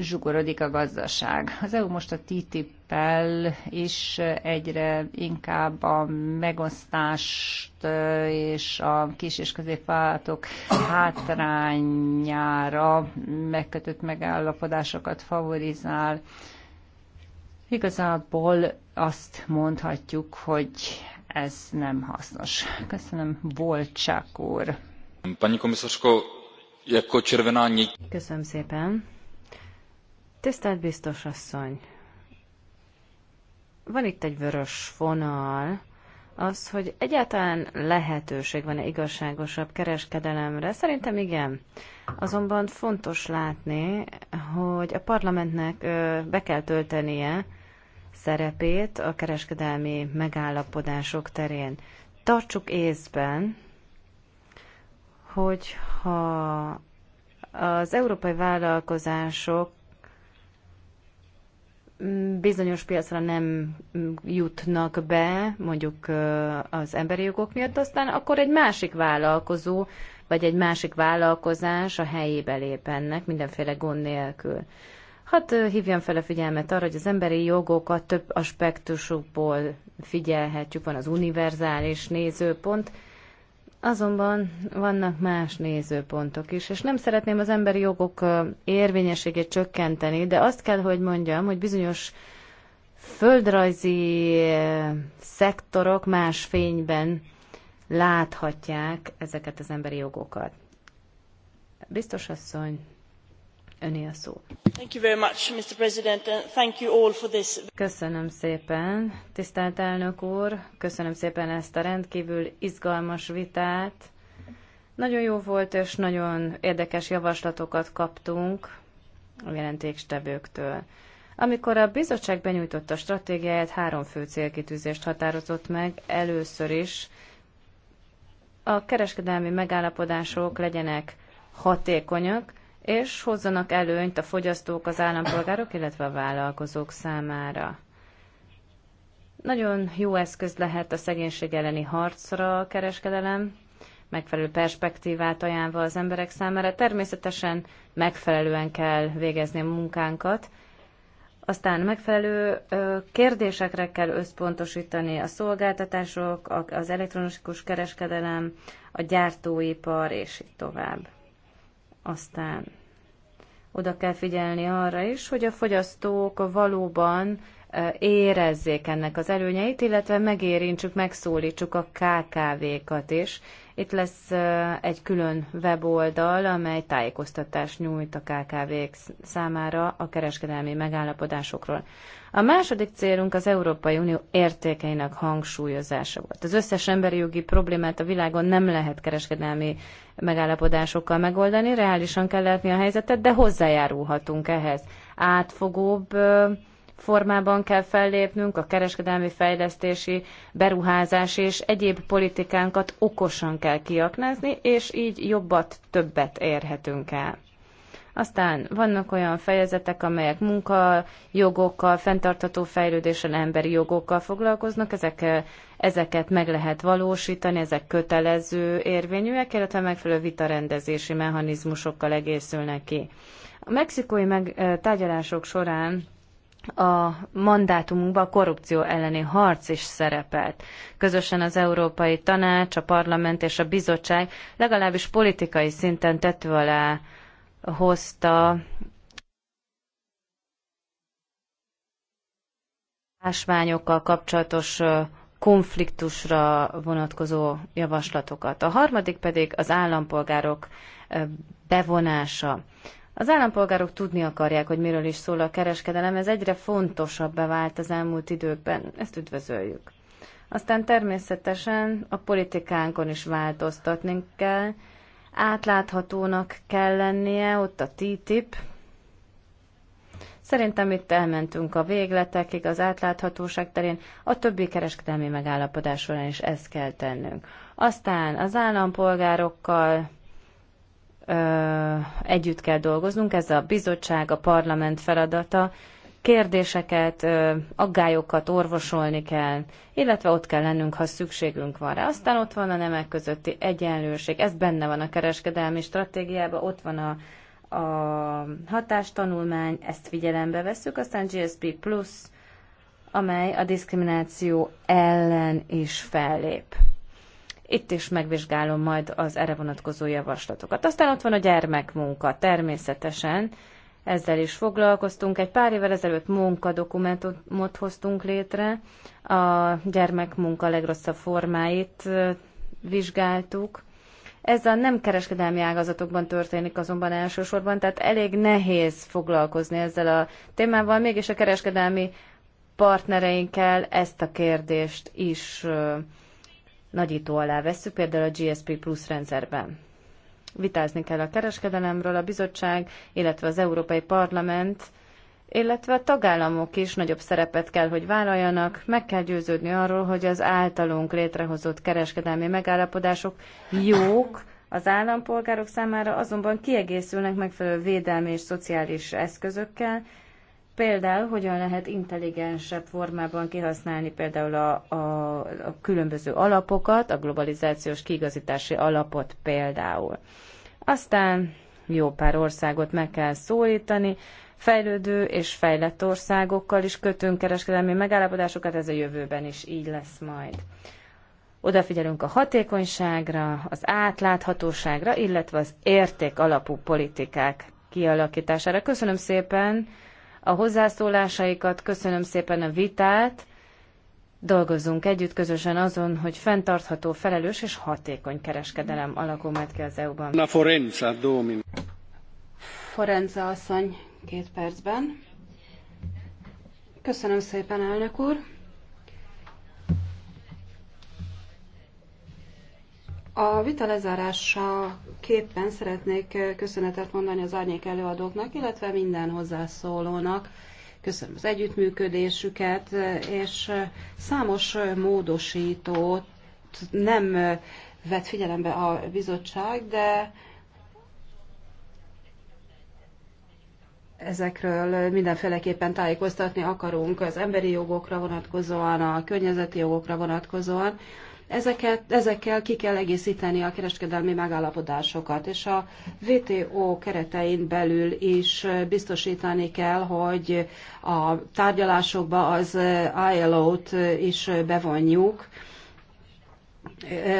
zsugorodik a gazdaság. Az EU most a TTIP-el is egyre inkább a megosztást és a kis és középvállalatok hátrányára megkötött megállapodásokat favorizál. Igazából azt mondhatjuk, hogy ez nem hasznos. Köszönöm, Volcsák úr. Pani komisařko, jako červená Köszönöm szépen. Tisztelt biztos asszony! Van itt egy vörös vonal az, hogy egyáltalán lehetőség van-e igazságosabb kereskedelemre. Szerintem igen. Azonban fontos látni, hogy a parlamentnek be kell töltenie szerepét a kereskedelmi megállapodások terén. Tartsuk észben, hogyha az európai vállalkozások bizonyos piacra nem jutnak be, mondjuk az emberi jogok miatt, aztán akkor egy másik vállalkozó, vagy egy másik vállalkozás a helyébe lép ennek, mindenféle gond nélkül. Hát hívjam fel a figyelmet arra, hogy az emberi jogokat több aspektusukból figyelhetjük, van az univerzális nézőpont, Azonban vannak más nézőpontok is, és nem szeretném az emberi jogok érvényességét csökkenteni, de azt kell, hogy mondjam, hogy bizonyos földrajzi szektorok más fényben láthatják ezeket az emberi jogokat. Biztos asszony, Köszönöm szépen, tisztelt elnök úr, köszönöm szépen ezt a rendkívül izgalmas vitát. Nagyon jó volt, és nagyon érdekes javaslatokat kaptunk a jelentéstevőktől. Amikor a bizottság benyújtotta a stratégiáját, három fő célkitűzést határozott meg. Először is a kereskedelmi megállapodások legyenek hatékonyak, és hozzanak előnyt a fogyasztók, az állampolgárok, illetve a vállalkozók számára. Nagyon jó eszköz lehet a szegénység elleni harcra a kereskedelem, megfelelő perspektívát ajánlva az emberek számára. Természetesen megfelelően kell végezni a munkánkat, aztán megfelelő kérdésekre kell összpontosítani a szolgáltatások, az elektronikus kereskedelem, a gyártóipar, és így tovább. Aztán oda kell figyelni arra is, hogy a fogyasztók valóban e, érezzék ennek az előnyeit, illetve megérintsük, megszólítsuk a KKV-kat is, itt lesz egy külön weboldal, amely tájékoztatást nyújt a kkv számára a kereskedelmi megállapodásokról. A második célunk az Európai Unió értékeinek hangsúlyozása volt. Az összes emberi jogi problémát a világon nem lehet kereskedelmi megállapodásokkal megoldani, reálisan kell látni a helyzetet, de hozzájárulhatunk ehhez. Átfogóbb formában kell fellépnünk, a kereskedelmi fejlesztési, beruházási és egyéb politikánkat okosan kell kiaknázni, és így jobbat, többet érhetünk el. Aztán vannak olyan fejezetek, amelyek munkajogokkal, fenntartató fejlődéssel, emberi jogokkal foglalkoznak, ezek, ezeket meg lehet valósítani, ezek kötelező érvényűek, illetve megfelelő vitarendezési mechanizmusokkal egészülnek ki. A mexikói meg, tárgyalások során a mandátumunkban a korrupció elleni harc is szerepelt. Közösen az Európai Tanács, a Parlament és a Bizottság legalábbis politikai szinten tető alá hozta ásványokkal kapcsolatos konfliktusra vonatkozó javaslatokat. A harmadik pedig az állampolgárok bevonása. Az állampolgárok tudni akarják, hogy miről is szól a kereskedelem, ez egyre fontosabbá vált az elmúlt időkben, ezt üdvözöljük. Aztán természetesen a politikánkon is változtatni kell, átláthatónak kell lennie, ott a TTIP. Szerintem itt elmentünk a végletekig, az átláthatóság terén, a többi kereskedelmi megállapodás során is ezt kell tennünk. Aztán az állampolgárokkal együtt kell dolgoznunk, ez a bizottság, a parlament feladata, kérdéseket, aggályokat orvosolni kell, illetve ott kell lennünk, ha szükségünk van rá. Aztán ott van a nemek közötti egyenlőség, ez benne van a kereskedelmi stratégiában, ott van a, a hatástanulmány, ezt figyelembe veszük, aztán GSP Plus, amely a diszkrimináció ellen is fellép. Itt is megvizsgálom majd az erre vonatkozó javaslatokat. Aztán ott van a gyermekmunka, természetesen. Ezzel is foglalkoztunk. Egy pár évvel ezelőtt munkadokumentumot hoztunk létre. A gyermekmunka legrosszabb formáit vizsgáltuk. Ez a nem kereskedelmi ágazatokban történik azonban elsősorban, tehát elég nehéz foglalkozni ezzel a témával, mégis a kereskedelmi partnereinkkel ezt a kérdést is nagyító alá vesszük, például a GSP Plus rendszerben. Vitázni kell a kereskedelemről, a bizottság, illetve az Európai Parlament, illetve a tagállamok is nagyobb szerepet kell, hogy vállaljanak, meg kell győződni arról, hogy az általunk létrehozott kereskedelmi megállapodások jók, az állampolgárok számára azonban kiegészülnek megfelelő védelmi és szociális eszközökkel, Például hogyan lehet intelligensebb formában kihasználni például a, a, a különböző alapokat, a globalizációs kiigazítási alapot például. Aztán jó pár országot meg kell szólítani, fejlődő és fejlett országokkal is kötünk kereskedelmi megállapodásokat, ez a jövőben is így lesz majd. Odafigyelünk a hatékonyságra, az átláthatóságra, illetve az érték alapú politikák kialakítására. Köszönöm szépen! a hozzászólásaikat, köszönöm szépen a vitát, dolgozzunk együtt közösen azon, hogy fenntartható, felelős és hatékony kereskedelem majd ki az EU-ban. Na Forenza, Domin. Forenza asszony, két percben. Köszönöm szépen, elnök úr. A vita lezárása képpen szeretnék eh, köszönetet mondani az árnyék előadóknak, illetve minden hozzászólónak. Köszönöm az együttműködésüket, eh, és eh, számos módosítót nem vett figyelembe a bizottság, de ezekről mindenféleképpen tájékoztatni akarunk az emberi jogokra vonatkozóan, a környezeti jogokra vonatkozóan ezeket, ezekkel ki kell egészíteni a kereskedelmi megállapodásokat, és a WTO keretein belül is biztosítani kell, hogy a tárgyalásokba az ILO-t is bevonjuk,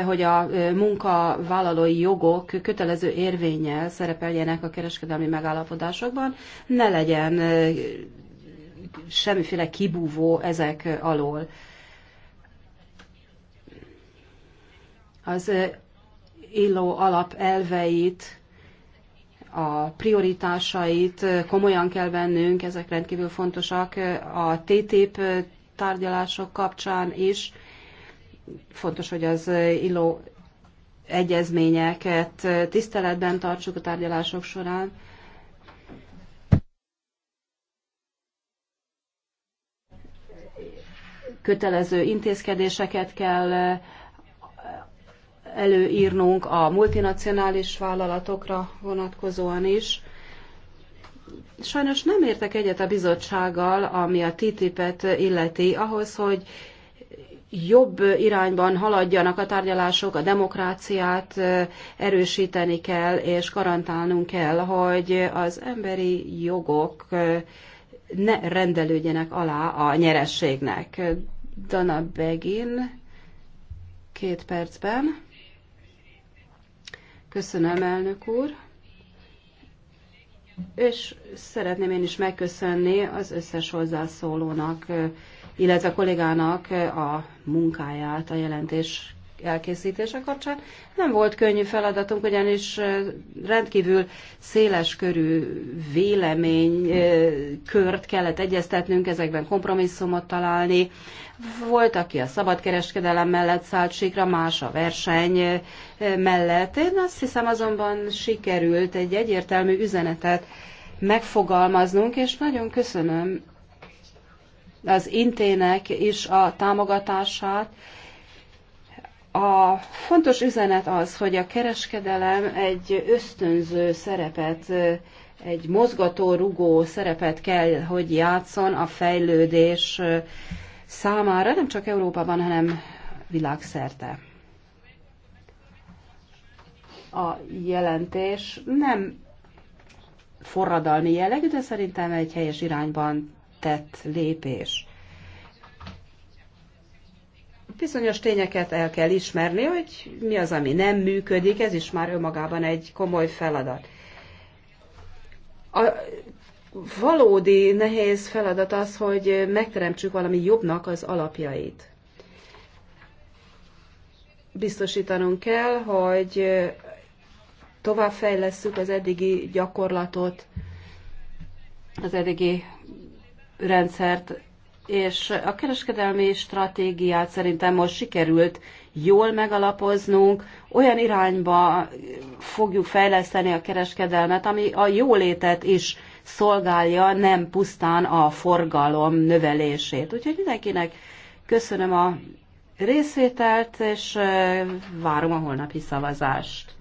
hogy a munkavállalói jogok kötelező érvényel szerepeljenek a kereskedelmi megállapodásokban, ne legyen semmiféle kibúvó ezek alól. az eh, illó alapelveit, a prioritásait eh, komolyan kell vennünk, ezek rendkívül fontosak eh, a TTIP tárgyalások kapcsán is. Fontos, hogy az illó egyezményeket tiszteletben tartsuk a tárgyalások során. Kötelező intézkedéseket kell előírnunk a multinacionális vállalatokra vonatkozóan is. Sajnos nem értek egyet a bizottsággal, ami a TTIP-et illeti, ahhoz, hogy jobb irányban haladjanak a tárgyalások, a demokráciát erősíteni kell, és garantálnunk kell, hogy az emberi jogok ne rendelődjenek alá a nyerességnek. Dana Begin, két percben. Köszönöm, elnök úr. És szeretném én is megköszönni az összes hozzászólónak, illetve a kollégának a munkáját a jelentés elkészítése kapcsán. Nem volt könnyű feladatunk, ugyanis rendkívül széles körű véleménykört kellett egyeztetnünk, ezekben kompromisszumot találni. Volt, aki a szabadkereskedelem mellett szállt síkra, más a verseny mellett. Én azt hiszem azonban sikerült egy egyértelmű üzenetet megfogalmaznunk, és nagyon köszönöm az intének is a támogatását, a fontos üzenet az, hogy a kereskedelem egy ösztönző szerepet, egy mozgató, rugó szerepet kell, hogy játszon a fejlődés számára, nem csak Európában, hanem világszerte. A jelentés nem forradalmi jellegű, de szerintem egy helyes irányban tett lépés bizonyos tényeket el kell ismerni, hogy mi az, ami nem működik, ez is már önmagában egy komoly feladat. A valódi nehéz feladat az, hogy megteremtsük valami jobbnak az alapjait. Biztosítanunk kell, hogy továbbfejlesszük az eddigi gyakorlatot, az eddigi rendszert, és a kereskedelmi stratégiát szerintem most sikerült jól megalapoznunk, olyan irányba fogjuk fejleszteni a kereskedelmet, ami a jólétet is szolgálja, nem pusztán a forgalom növelését. Úgyhogy mindenkinek köszönöm a részvételt, és várom a holnapi szavazást.